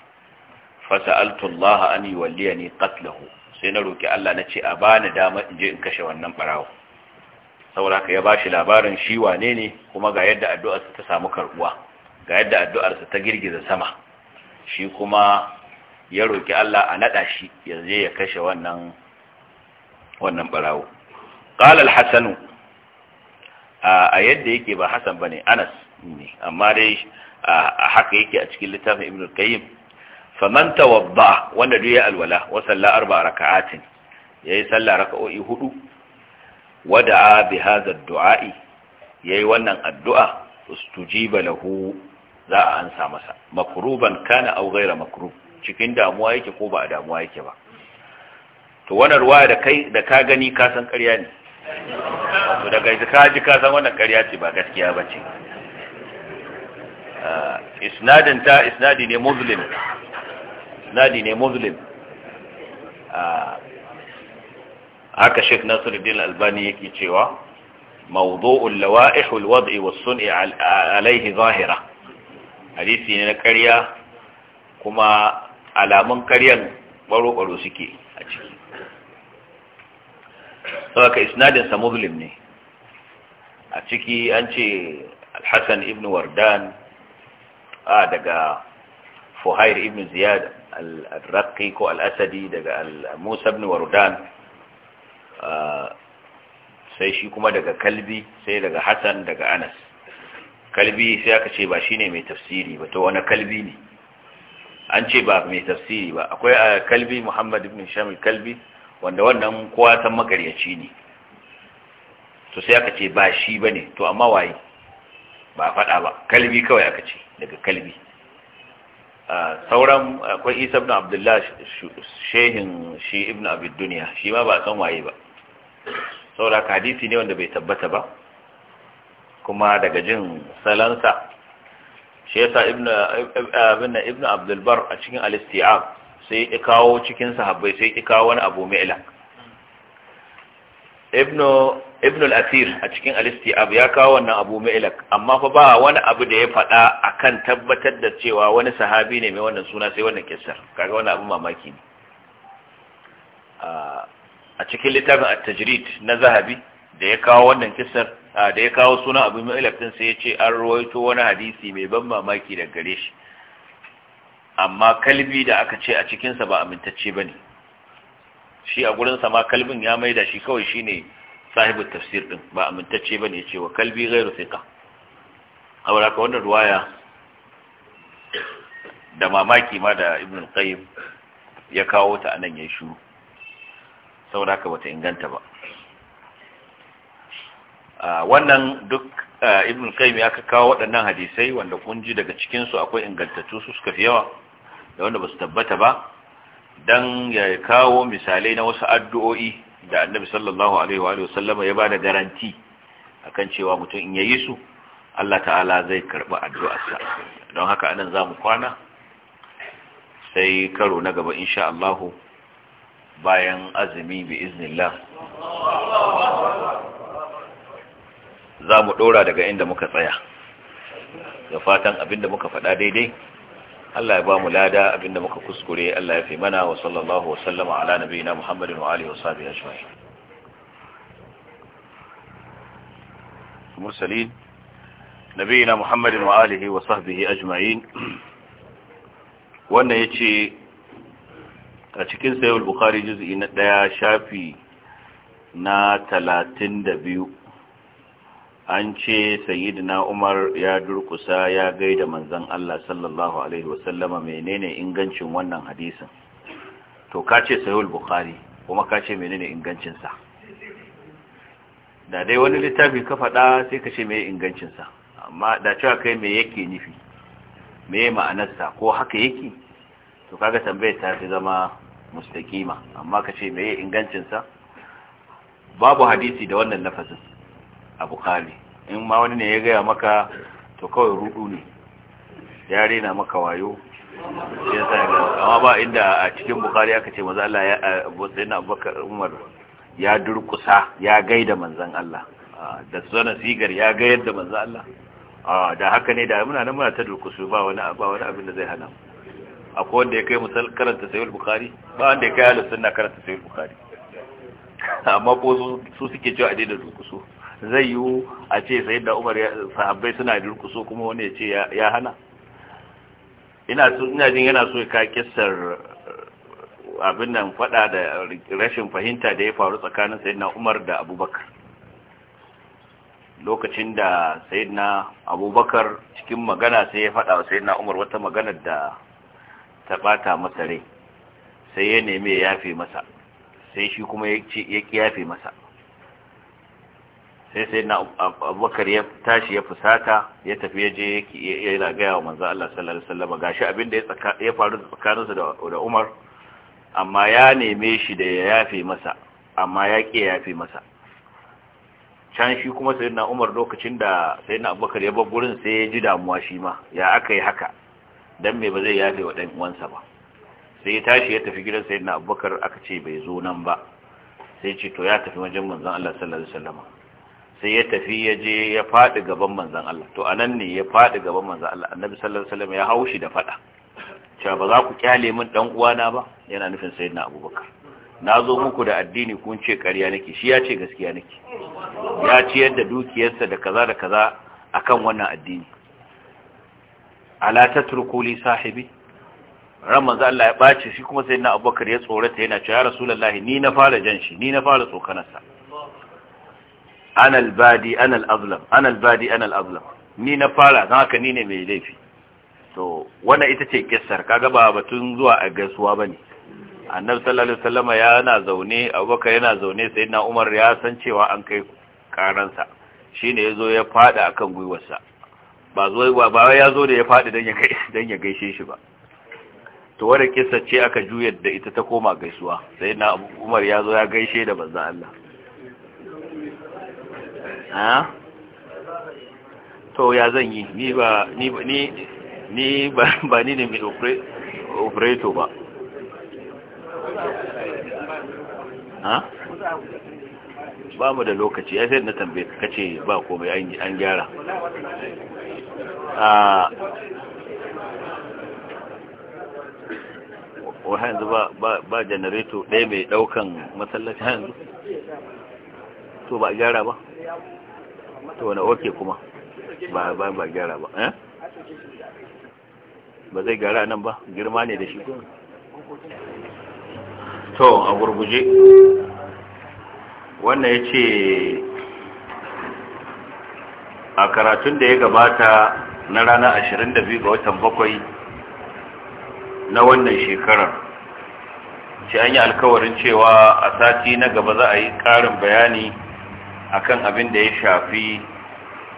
altullaha an yi walliya ne katlahu sai na roƙi Allah na ce a bani dama in je in kashe wannan ɓarawo Saura ka ya ba shi labarin shi wane ne kuma ga yadda addu'arsa ta samu karɓuwa ga yadda addu'arsa ta girgiza sama shi kuma ya roki Allah a naɗa shi yanzu ya kashe wannan wannan barawo Ƙalal hassanu a yadda yake ba ba ne, Anas ne amma dai haka yake a cikin littafin Ibn al-Qayyim faman wanda duk ya alwala wa salla arba raka'atin yayi salla raka'o'i hudu wada'a bi hadha ad-du'a yayi wannan addu'a ustujiba lahu za a ansa masa makruban kana aw ghaira makrub cikin damuwa yake ko ba a damuwa yake ba to wannan ruwaya da kai da ka gani ka san ƙarya ne to daga ka ji ka san wannan ƙarya ce ba gaskiya ba ce eh, isnadin ta isnadi ne muslim isnadi ne muslim eh, haka Sheikh Nasiruddin Albani yake cewa mawdu'ul lawaihul alwad'i was-sun'i alayhi zahira hadisi ne na karya kuma alamun ƙaryan baro-baro suke a ciki ka isnadinsa muslim ne a ciki an ce alhassan ibn wardan a daga fuhair ibn ziyad al-raqi ko al-asadi daga musa ibn wardan sai shi kuma daga kalbi sai daga hassan daga anas kalbi sai aka ce ba shine mai tafsiri ba to wani kalbi ne an ce ba mai tafsiri ba akwai a eh, kalbi muhammad ibn shamil kalbi wanda wannan kowa san makaryaci ne to sai aka ce ba shi ba ne to amma waye ba faɗa ba kalbi kawai aka ce daga kalbi eh, sauran akwai isa ibn abdullah shehin shi ibn abid duniya shi ma ba san waye ba saura hadisi ne wanda bai tabbata ba kuma daga jin salansa shi yasa ibn ibn abdulbar a cikin al-istiab sai ya kawo cikin sahabbai sai ya kawo wani abu mai ila ibn al-asir a cikin al-istiab ya kawo wannan abu mai ila amma fa ba wani abu da ya faɗa akan tabbatar da cewa wani sahabi ne mai wannan suna sai wannan kissar kaga wannan abu mamaki ne a cikin littafin at-tajrid na zahabi da ya kawo wannan kissar da ya kawo sunan abu mai ilaftin sai ya ce an ruwaito wani hadisi mai ban mamaki da gare shi amma kalbi da aka ce a cikinsa ba amintacce ba ne. shi a gurin ma kalbin ya maida shi kawai shi ne sahibin tafsir din ba amintacce ba ne ya ce wa kalbi rufe ka. A ka wanda ruwaya da mamaki ma da ibn al ya kawo ta nan ya shuru saboda haka bata inganta ba wannan duk ibn kaimi aka kawo waɗannan hadisai wanda kun ji daga cikin su akwai ingantattu su suka fi yawa da wanda basu tabbata ba dan ya kawo misalai na wasu addu'o'i da annabi sallallahu alaihi wa sallama ya bada garanti akan cewa mutum in yayi su Allah ta'ala zai karba addu'arsa don haka anan zamu kwana sai karo na gaba insha Allah bayan azumi bi iznillah za mu ɗora daga inda muka tsaya da fatan abinda muka faɗa daidai Allah ya ba mu lada abinda muka kuskure Allah ya fi mana wa sallallahu wa sallama ala na Muhammadin wa alihi wa sahbihi ajma'in mursalin nabiyina Muhammadin wa alihi wa sahbihi ajma'in wannan yace a cikin sahih al-bukhari juz'i na 1 shafi na 32 an ce sayyidina umar ya durkusa ya gaida manzan Allah sallallahu alaihi wasallama menene ingancin wannan hadisin to ka ce sahihul bukhari kuma ka ce menene ingancin sa da dai wani littafi ka faɗa sai ka ce meye ingancin sa amma da cewa kai me yake nufi ma'anar ma'anarsa ko haka yake to kaga tambayar ta fi zama mustaqima amma ka ce meye ingancin sa babu hadisi da wannan lafazin a bukari in ma wani ne ya gaya maka to kawai rudu ne ya rena maka wayo ya sa amma ba inda a cikin bukari aka ce maza Allah ya Abubakar Umar ya durkusa ya gaida manzan Allah da zana sigar ya gayar da manzan Allah da haka ne da muna nan muna ta durkusu ba wani abin da zai hana akwai wanda ya kai musal karanta sayul bukari ba wanda ya kai ahlus na karanta sayul bukari <laughs> amma ko su suke cewa a daidai durkusu zai yiwu a ce sai da umar sahabbai suna durkuso kuma wani ya ce ya hana ina jin yana so ka kissar uh, abin nan fada da rashin fahimta da ya faru tsakanin sayyidina umar da abubakar lokacin da sayyidina abubakar cikin magana sai ya fada wa sayyidina umar wata magana da ta bata masa rai sai ya neme ya yafe masa sai shi kuma ya yafe masa sai sai na abubakar ya tashi ya fusata ya tafi ya je yana gaya wa manzan Allah sallallahu alaihi wasallam Ga shi abinda ya faru tsakaninsa da Umar amma ya neme shi da ya yafe masa amma ya ƙi yafe masa can shi kuma sai na Umar lokacin da sai na Abubakar ya bar gurin sai ya ji damuwa shi ma ya aka yi haka Don me ba zai yafe wa wansa uwansa ba sai ya tashi ya tafi gidan sai na Abubakar aka ce bai zo nan ba sai ce to ya tafi wajen manzan Allah sallallahu alaihi wasallam sai ya tafi ya je ya faɗi gaban manzan Allah to anan ne ya faɗi gaban manzan Allah annabi sallallahu alaihi wasallam ya haushi da faɗa cewa ba za ku kyale min dan uwana ba yana nufin sayyidina abubakar na zo muku da addini kun ce ƙarya nake shi ya ce gaskiya nake ya ci yadda dukiyarsa da kaza da kaza akan wannan addini ala tatruku li sahibi ran manzo Allah ya bace shi kuma sayyidina abubakar ya tsorata yana cewa ya rasulullahi ni na fara jan shi ni na fara tsokanarsa anal badi anal azlam anal badi anal azlam ni na fara don haka ni ne mai laifi to wannan ita ce kissar kaga ba batun zuwa a gaisuwa bane annabi sallallahu alaihi wasallam yana zaune abubakar yana zaune sayyidina umar ya san cewa an kai sa shine yazo ya fada akan gwiwarsa ba zo ba ya zo da ya fadi dan ya kai dan ya gaishe shi ba to wannan kisa ce aka juyar da ita ta koma gaisuwa sai na umar ya zo ya gaishe da banzan Allah a to ya zan yi ni ba ni ni <laughs> ba ni ne mai operator ba ha ba mu da lokaci ya sai na tambaye ka ce ba komai an gyara a ah, wa yanzu ba janareto ɗaya mai ɗaukan matsalaci yanzu to ba gyara ba to wani oke kuma ba ba ba gyara ba eh ba zai gyara nan ba girma ne da shi to a gurguje wannan ya ce a karatun da ya gabata na rana 22 ga watan bakwai na wannan shekarar ce an yi alkawarin cewa a sati na gaba za a yi ƙarin bayani akan abin da ya shafi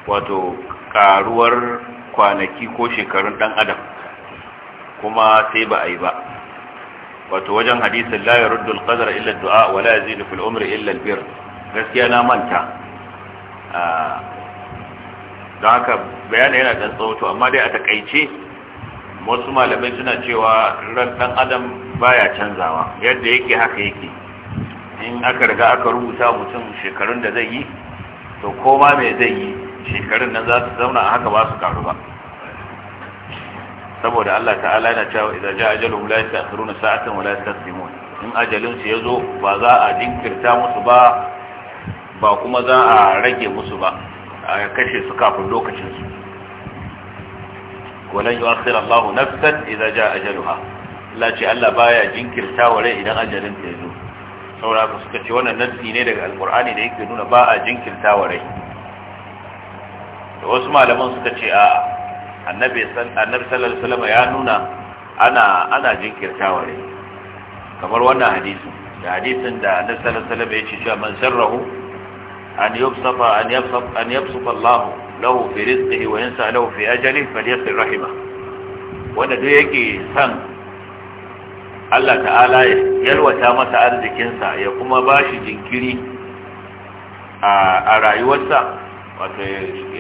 wato karuwar kwanaki ko shekarun dan adam kuma sai ba a yi ba wato wajen hadisin la ya al-qadara illa dua wa la yazidu fil umri illa al-bir gaskiya na manta ah, don haka bayanin yana dan tsawo amma dai a takaice wasu malamai suna cewa ran dan adam baya canzawa yadda yake haka yake in aka riga aka rubuta mutum shekarun da zai yi to koma mai zai yi shekarun nan za su zauna a haka ba su karu ba saboda Allah ta'ala yana cewa idza ja ajalu la yasta'khiruna sa'atan wa la yastaqdimun in ajalin su yazo ba za a jinkirta musu ba ba kuma za a rage musu ba a kashe su kafin lokacin su walan yu'akhkhir Allahu nafsan idza ja ajaluha Allah ce Allah baya jinkirta wa rai idan ajalin ta yazo saura suka ce wannan nassi ne daga alkur'ani da yake nuna ba a jinkirta wa rai da wasu malaman suka ce a annabi sallallahu alaihi wasallam ya nuna ana ana jinkirta wa rai kamar wannan hadisi da hadisin da annabi sallallahu alaihi wasallam ya ce cewa man sarrahu an yubsafa an yubsafa an yubsafa Allah lahu fi rizqihi wa yansa lahu fi ajalihi falyasir rahimah wanda duk yake san Allah ta'ala ya yalwata masa arzikinsa ya kuma ba shi jinkiri a rayuwarsa wato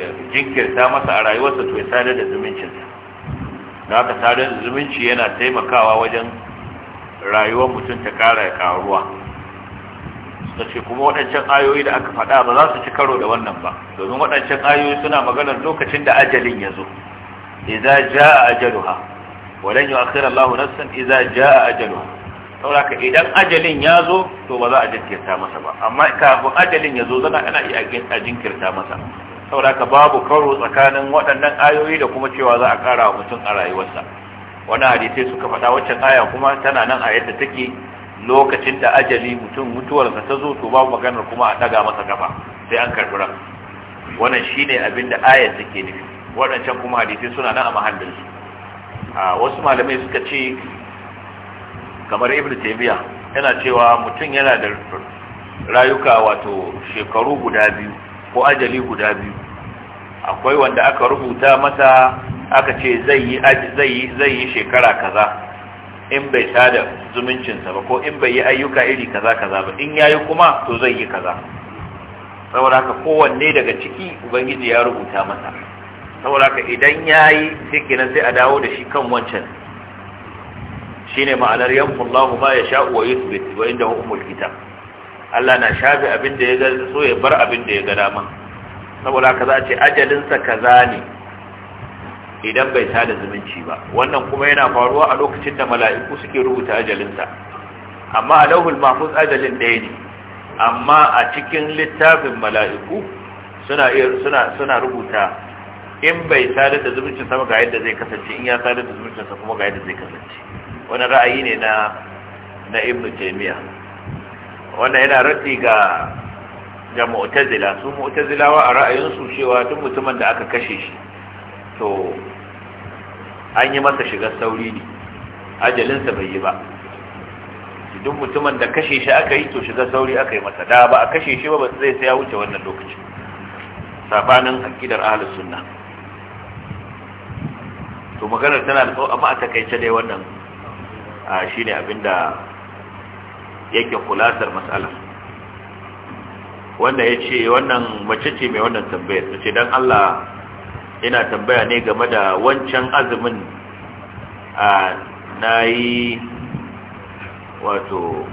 ya jinkirta masa a rayuwarsa to ya sadar da zumuncinsa na haka sadar da zumunci yana taimakawa wajen rayuwar mutum ta kara karuwa suka ce kuma waɗancan ayoyi da aka faɗa ba za su ci karo da wannan ba domin waɗancan ayoyi suna maganar lokacin da ajalin ya zo idza jaa ajaluha walan yu'akhkhira Allahu nafsan idza jaa ajaluha saboda idan ajalin ya zo to ba za a jinkirta masa ba amma kafin ajalin ya zo zana ana iya a jinkirta masa saboda babu karo tsakanin waɗannan ayoyi da kuma cewa za a ƙara wa mutum a rayuwarsa wani hadisai suka faɗa waccan aya kuma tana nan a yadda take lokacin da ajali mutum mutuwarsa ta zo to babu maganar kuma a ɗaga masa gaba sai an karɓi ran wannan shine abin da take nufi waɗancan kuma hadisai suna nan a mahallinsu wasu malamai suka ce kamar ibn taymiya yana cewa mutum yana da rayuka wato shekaru guda biyu ko ajali guda biyu akwai wanda aka rubuta masa aka ce zai yi zai zai yi shekara kaza in bai sada zumuncinsa ba ko in bai yi ayyuka iri kaza kaza ba in yayi kuma to zai yi kaza saboda haka kowanne daga ciki ubangiji ya rubuta masa saboda ka idan yayi sai sai a dawo da shi kan wancan Shi ne ma'anar yanfullahu ma yasha'u wa yuthbit wa inda umul kita Allah na shafi abin da ya ga so ya bar abin da ya ga dama saboda ka za a ce ajalinsa kaza ne idan bai sada zumunci ba wannan kuma yana faruwa a lokacin da mala'iku suke rubuta ajalinsa amma a lauhul mafus ajalin ɗaya ne amma a cikin littafin mala'iku suna rubuta in bai sadar da zumuncin sama ga yadda zai kasance in ya sadar da zumuncin sa kuma ga yadda zai kasance wani ra'ayi ne na na ibnu taymiya wannan yana raddi ga ga mu'tazila su mu'tazilawa a ra'ayin su cewa duk mutumin da aka kashe shi to an yi masa shiga sauri ne ajalin sa bai yi ba duk mutumin da kashe shi aka yi to shiga sauri aka yi masa da ba a kashe shi ba ba zai sai ya wuce wannan lokaci sabanin akidar ahlus sunnah to maganar tana da tsawo amma a takaice dai wannan A shi ne abinda yake kulasar matsala wanda ya ce wannan mace ce mai wannan tambayar ta ce don Allah ina tambaya ne game da wancan azumin a na yi wato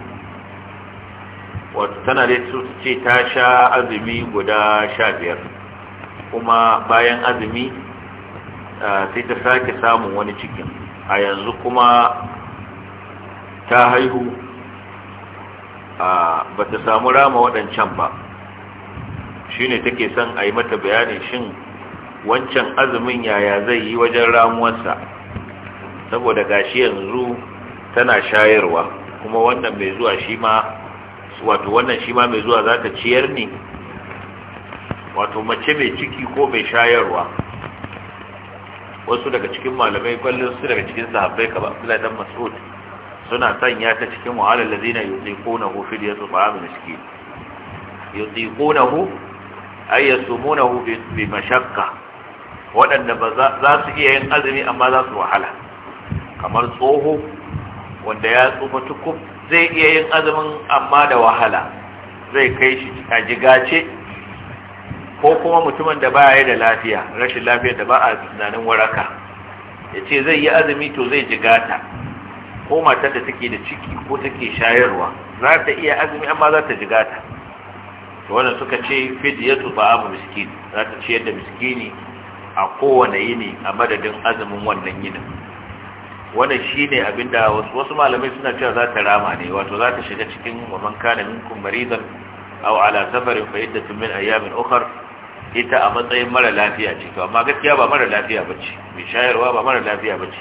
wato tana da su ce ta sha azumi guda sha biyar kuma bayan azumi sai ta sake samun wani cikin a yanzu kuma ta haihu ba ta samu rama waɗancan ba shi ne take son a yi mata bayanin shin wancan azumin yaya zai yi wajen ramuwarsa saboda gashi yanzu tana shayarwa kuma wannan mai zuwa shi ma wato wannan shi ma mai zuwa za ta ciyar ne wato mace mai ciki ko mai shayarwa wasu daga cikin malamai kwallon su daga cikin sahabbai ka ba Abdullahi dan Mas'ud suna sanya ta cikin wa'alal ladina yutiqunahu fidyatu ta'am miskin yutiqunahu ay yasumunahu bi mashaqqa waɗanda ba za su iya yin azumi amma za su wahala kamar tsoho wanda ya tsufa tukub zai iya yin azumin amma da wahala zai kai shi a jigace ko kuma mutumin da ba ya da lafiya rashin lafiya da ba a tunanin waraka ya ce zai yi azumi to zai ji ko matar da take da ciki ko take shayarwa za ta iya azumi amma za ta ji to wannan suka ce fidyatu abu miskin za ta ciyar da miskini a kowane yini a madadin azumin wannan yinin wannan shine abinda wasu wasu malamai suna cewa za ta rama ne wato za ta shiga cikin wa man kana minkum maridan aw ala safarin fa yaddatu min ayamin ukhra ita a matsayin mara lafiya ce to amma gaskiya ba mara lafiya bace mai shayarwa ba mara lafiya bace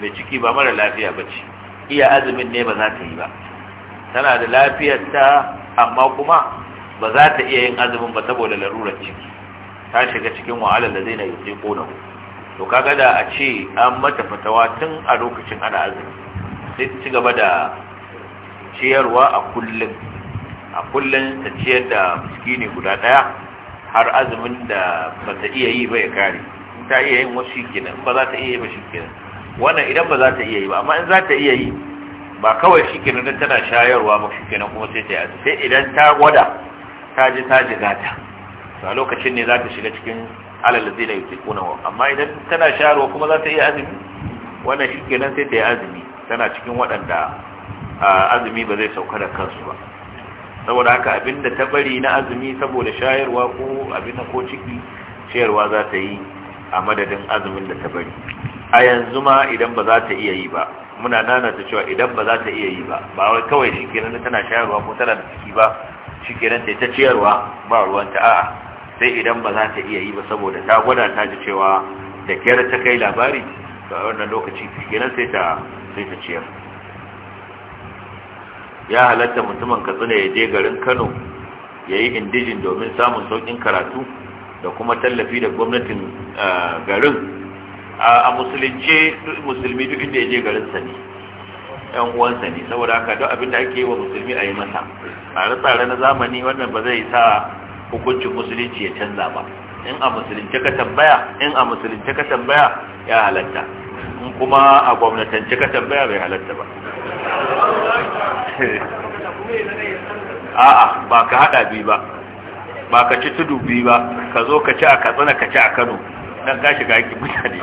mai ciki ba mara lafiya bace iya azumin ne ba za ta yi ba tana da lafiyar ta amma kuma ba za ta iya yin azumin ba saboda larurar ciki ta shiga cikin wahalar da zai na yi kona to kaga da a ce an mata fatawa tun a lokacin ana azumi sai ci gaba da ciyarwa a kullum a kullum ta ciyar da miskini guda daya har azumin da ba ta iya yi ba ya kare ta iya yin wasu shi kenan ba za ta iya yi ba shi kenan wannan idan ba za ta iya yi ba amma in za ta iya yi ba kawai shi kenan don tana shayarwa ba shi kenan kuma sai ta yi sai idan ta gwada ta ji ta ji gata to a lokacin ne za ta shiga cikin alal da zai yi kuna amma idan tana shayarwa kuma za ta iya azumi wannan shi kenan sai ta yi azumi tana cikin waɗanda azumi ba zai sauka da kansu ba saboda haka abin da ta bari na azumi saboda shayarwa ko abin ko ciki shayarwa za ta yi a madadin azumin da ta bari a yanzu ma idan ba za ta iya yi ba muna nanata cewa idan ba za ta iya yi ba ba wai kawai shi kenan tana shayarwa ko tana da ciki ba shi kenan ta ciyarwa ba ruwan ta a'a sai idan ba za ta iya yi ba saboda ta gwada ta ji cewa da kyar ta kai labari ga wannan lokaci kenan sai ta sai ta ciyar ya halatta mutumin katsina ya je garin kano ya yi indijin domin samun saukin karatu da kuma tallafi da gwamnatin garin a musulunce musulmi duk inda ya je garin sani yan uwansa ne saboda haka duk da ake yi wa musulmi a yi masa tsare-tsare na zamani wannan ba zai sa hukuncin musulunci ya canza ba in a musulunce ka tambaya in a musulunce ka tambaya ya halatta in kuma a gwamnatance ka tambaya bai halatta ba <laughs> a'a ba ka hada bi ba ba ka ci tudu bi ba ka zo ka ci a katsina ka ci a kano dan ka shiga haƙƙin mutane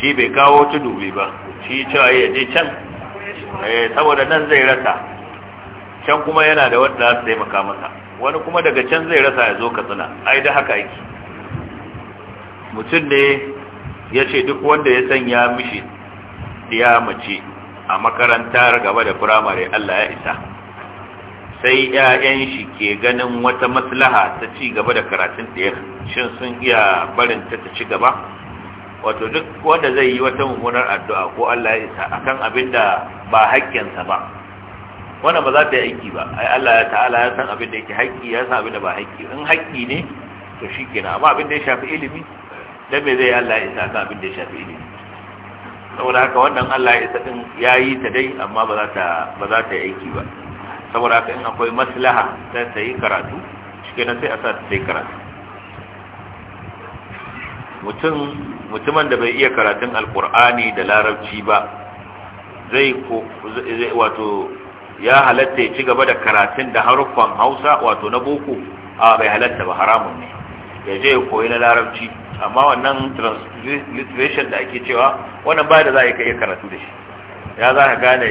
shi bai kawo tudu bi ba shi cewa ya je can eh, saboda nan zai rasa can kuma yana da wadda za su taimaka masa wani kuma daga can zai rasa ya zo katsina ai da haka aiki mutum ne ya ce duk wanda ya sanya mishi ya mace a makarantar gaba da firamare Allah ya isa sai ‘ya'yan shi ke ganin wata maslaha ta ci gaba da karatun ɗaya shin sun iya barin ta ci gaba wato duk wanda zai yi wata mummunar addu'a ko Allah ya isa akan abin da ba haƙƙinsa ba wannan ba za ta yi aiki ba ai Allah ya ta'ala ya san abin da yake haƙƙi ya san abin da ba haƙƙi in haƙƙi ne to shi kenan amma abin da ya shafi ilimi dan me zai Allah ya isa ka abin da ya shafi ilimi saboda haka wannan Allah ya isa din yayi ta dai amma ba za ta ba za ta yi aiki ba saboda haka in akwai maslaha sai ta yi karatu shikenan sai a sa ta yi karatu mutum mutumin da bai iya karatun alkur'ani da larabci ba zai ko zai wato ya halatta ya ci gaba da karatun da haruffan Hausa wato na boko a bai halatta ba haramun ne ya je ya koyi na larabci amma wannan transliteration da ake cewa wannan ba da za a iya karatu da shi ya za ka gane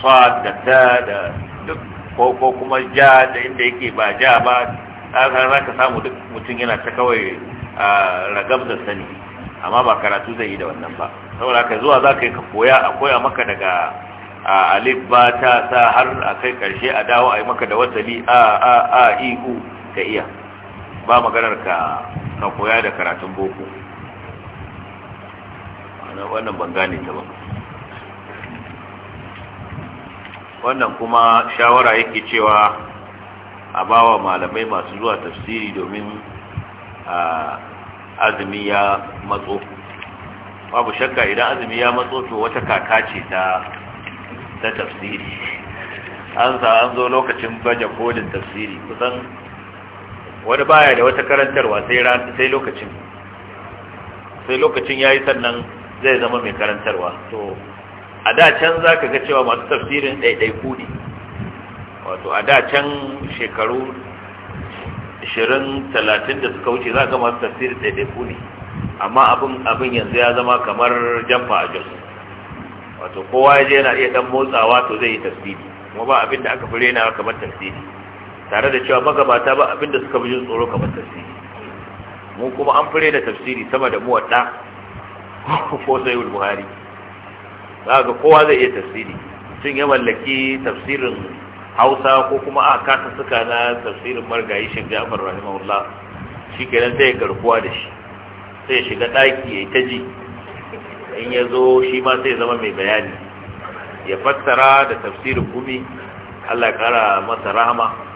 swat da ta da duk ko kuma ja da inda yake ba ja ba za ka samu duk mutum yana ta kawai ragab da sani amma ba karatu zai yi da wannan ba saboda ka zuwa za ka yi ka koya a koya maka daga a alif ba ta sa har a kai karshe a dawo a yi maka da wasali a a a i u ka iya ba maganar ka ka koya da karatun boko wannan ban gane ta ba wannan kuma shawara yake cewa a bawa malamai masu zuwa tafsiri domin azumi ya matso babu shakka idan azumi ya matso to wata kaka ce ta ta tafsiri an an zo lokacin baje kolin tafsiri kusan wani baya da wata karantarwa sai sai lokacin sai lokacin yayi sannan zai zama mai karantarwa to a da can zaka ga cewa masu tafsirin ɗaiɗaiku ne wato a da can shekaru 20 30 da suka wuce zaka ga masu tafsirin ɗaiɗaiku ne amma abin yanzu ya zama kamar jamfa a jos wato kowa ya je yana iya dan motsawa to zai yi tafsiri kuma ba abin da aka fi rena kamar tafsiri tare da cewa magabata ba abinda suka bujin tsoro kamar tafsiri mu kuma an fure da tafsiri sama da mu wadda <laughs> ko sai buhari ga kowa zai iya tafsiri mutum ya mallaki tafsirin hausa ko kuma a kasa suka na tafsirin margayi shi jafar rahimahullah shi kenan sai garkuwa da shi sai shiga daki ya yi ta ji in ya zo shi ma sai zama mai bayani ya fassara da tafsirin gumi allah ya kara masa rahama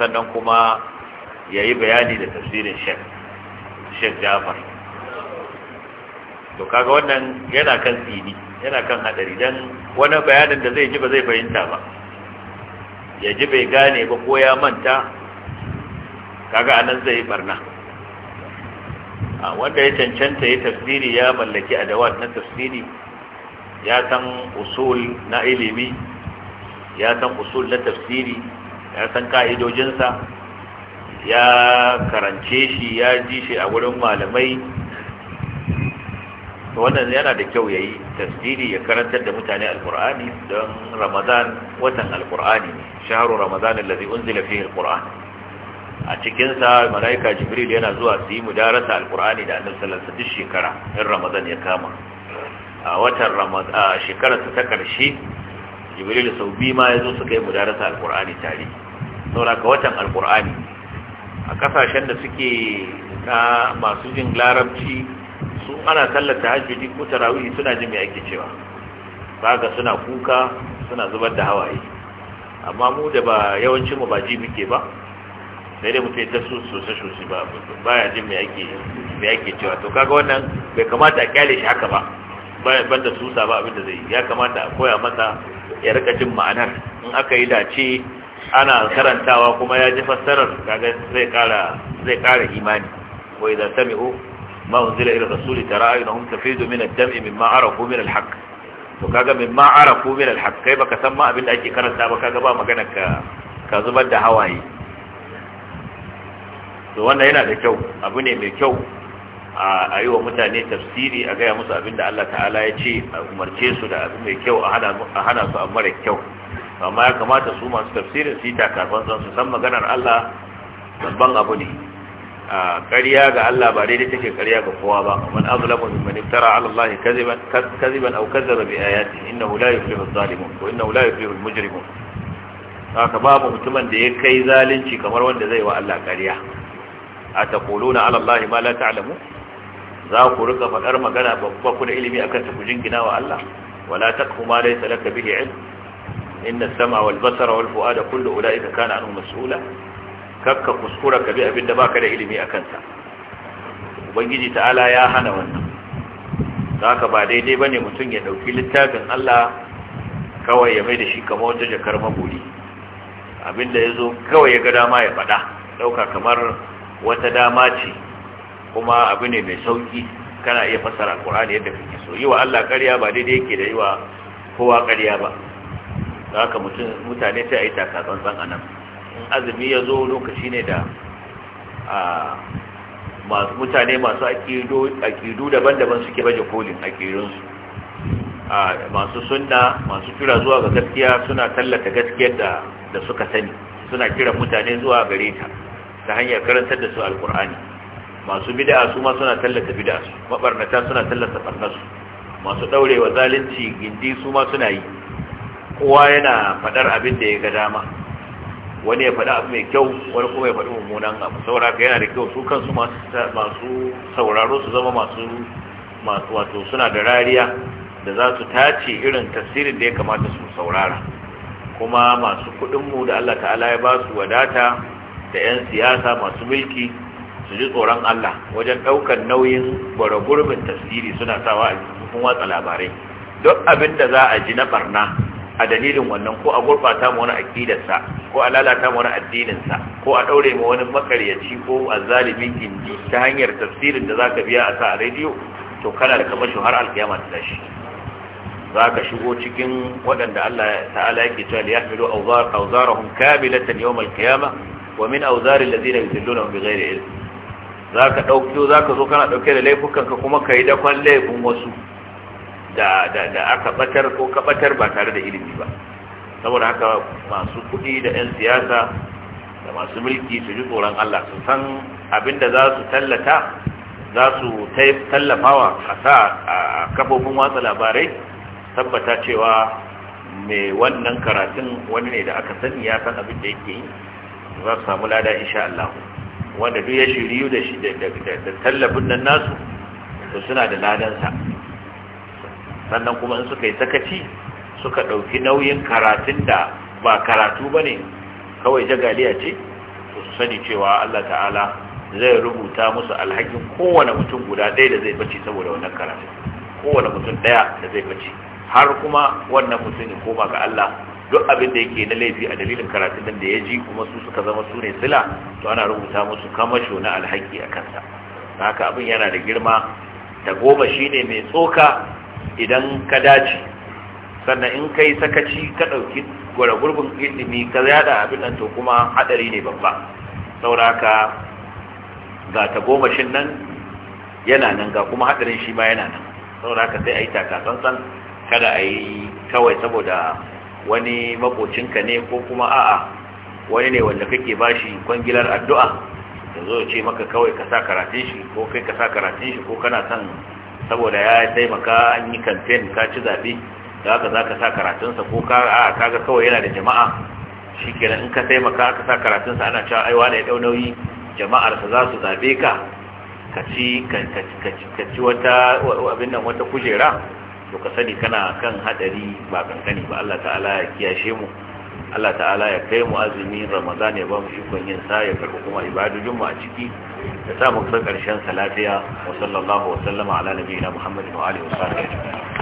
sannan kuma ya yi bayani da tafsirin shek jafar to kaga wannan yana kan tsini yana kan hadari don wani bayanin da zai ji ba zai fahimta ba ya ji bai gane ba ko ya manta kaga anan zai yi barna wanda ya cancanta ya tafsiri ya mallaki adawat na tafsiri ya san usul na ilimi ya san usul na tafsiri ya san ka'idojinsa ya karance shi ya ji shi a wurin malamai wannan yana da kyau ya yi tasiri ya karantar da mutane alkur'ani don ramadan watan alkur'ani shaharu ramadan allazi unzila fihi alkur'an a cikinsa malaika jibril yana zuwa su yi mudarasa alkur'ani da annabi sallallahu alaihi shekara in ramadan ya kama a watan ramadan shekarar ta karshe jibril sau biyu ma ya zo kai mu darasa alkur'ani tare ka watan alkur'ani a kasashen da suke na masu jin larabci su ana tallata hajjidi ko tarawihi suna jin mai ake cewa baga suna kuka suna zubar da hawaye amma mu da ba yawancin mu ba ji muke ba sai dai mutum ta su sosai sosai ba baya jin mai ake cewa to kaga wannan bai kamata a kyale shi haka ba da susa ba abin da zai ya kamata a koya masa ya rika jin ma'anar in aka yi dace ana karantawa kuma ya ji fassarar kaga zai kara zai kara imani wa idza sami'u ma unzila ila rasul tara ayunhum tafidu min ad-dam'i mimma arafu min al to kaga mimma arafu min al-haqq kai baka san ma abin da ake karanta ba kaga ba magana ka ka zubar da hawaye to wannan yana da kyau abu ne mai kyau a yi wa mutane tafsiri a gaya musu abin da Allah ta'ala ya ce a umarce su da abu mai kyau a hana su a mara kyau amma ya kamata su masu tafsirin su yi takafan su san maganar Allah babban abu ne a ƙarya ga Allah ba daidai take ƙarya ga kowa ba man azlamu mimman iftara ala Allah kaziban kaziban aw kazzaba bi ayati innahu la yuflihu adh-dhalimun wa innahu la yuflihu al-mujrimun haka babu mutumin da ya kai zalunci kamar wanda zai wa Allah ƙarya ataquluna ala Allah ma la ta'lamun za ku rika faɗar magana ba ku da ilimi akan ta ku jingina wa Allah wala taqfu ma laysa laka bihi ilm inna as-sam'a wal basara wal fu'ada kullu ulaika kana anhu mas'ula kakka kuskura ka bi abinda baka da ilimi akan sa ubangiji ta'ala ya hana wannan haka ba daidai bane mutum ya dauki littafin Allah kawai ya mai da shi kamar wata jakar mabuli abinda yazo kawai ya ga dama ya faɗa dauka kamar wata dama ce kuma abu ne mai sauki kana iya fassara alkur'ani yadda kake so yi wa Allah ƙarya ba daidai yake da yi wa kowa ƙarya ba haka mutane sai a yi tsantsan a nan in azumi ya zo lokaci ne da mutane masu akidu daban-daban suke baje kolin akidunsu masu sunna masu kira zuwa ga gaskiya suna tallata gaskiyar da suka sani suna kira mutane zuwa gare ta ta hanyar karantar da su alkur'ani masu bid'a su ma suna tallata bid'a su mabarnata suna tallata barnasu masu daurewa zalunci gindi su ma suna yi kowa yana fadar abin da ya ga dama wani ya fada abu mai kyau wani kuma ya faɗi mummunan abu saura ka yana da kyau su kansu masu sauraro su zama masu wato suna da rariya da za su tace irin tasirin da ya kamata su saurara kuma masu kuɗinmu da Allah ta'ala ya ba su wadata da 'yan siyasa masu mulki su ji tsoron Allah wajen ɗaukar nauyin gwaragurbin tasiri suna sawa a cikin watsa labarai duk abin da za a ji na barna a dalilin wannan ko a gurɓata wani aƙidarsa ko a lalata ma wani addininsa ko a ɗaure ma wani makaryaci ko a zalimin gindi ta hanyar tafsirin da za ka biya a sa a rediyo to kana da kamar har alkiyama ta tashi za ka shigo cikin waɗanda Allah ta'ala yake cewa ya milo auzarahum kamilatan yawmal qiyamah wa min auzari allazina yudilluna bi ghairi ilm za ka ɗauki za ka zo kana ɗauke da laifukanka kuma ka yi dakon laifin wasu da aka ɓatar ko ka ɓatar ba tare da ilimi ba saboda haka masu kuɗi da 'yan siyasa da masu mulki su ji tsoron Allah su san abin da za su tallata za su tallafawa a sa a kafofin watsa labarai tabbata cewa mai wannan karatun wani ne da aka sani ya san abin da yake yi za su samu lada insha Allah wanda duk ya shiryu da shi da tallafin nan nasu to suna da ladansa sannan kuma in suka yi sakaci suka ɗauki nauyin karatun da ba karatu ba ne kawai jagaliya ce to su sani cewa Allah ta'ala zai rubuta musu alhakin kowane mutum guda ɗaya da zai bace saboda wannan karatun kowane mutum ɗaya da zai bace har kuma wannan mutum ya koma ga Allah duk abin da yake na laifi a dalilin karatun nan da ya ji kuma su suka zama su ne sila to ana rubuta musu kamasho na alhaki a kansa haka abin yana da girma da goma shine mai tsoka idan ka dace sannan in kai sakaci ka ɗauki gwada gurbin ilimi ka yada abin nan to kuma haɗari ne babba sauraka ga ta goma shi nan yana nan ga kuma haɗarin shi ma yana nan ka sai a yi takasansan kada a yi kawai saboda wani makocinka ne ko kuma a'a wani ne wanda kake bashi kwangilar addu'a yanzu ce maka kawai ka sa karatun shi ko kai ka sa karatun shi ko kana son saboda ya taimaka an yi kamfen ka ci zaɓe da haka za ka sa karatunsa ko ka a kaga kawai yana da jama'a shi kenan in ka taimaka ka sa karatunsa ana cewa aiwa da ya ɗau nauyi jama'arsa za su zaɓe ka ka ci wata abin nan wata kujera to ka sani kana kan hadari ba kankani ba Allah ta'ala ya kiyashe mu Allah ta'ala ya kai mu azumi Ramadan ya ba mu ikon yin sa ya karɓi kuma ibadojin mu a ciki ya sa mu karshen sa lafiya wa sallallahu wa sallama ala nabiyina Muhammad wa alihi wa sahbihi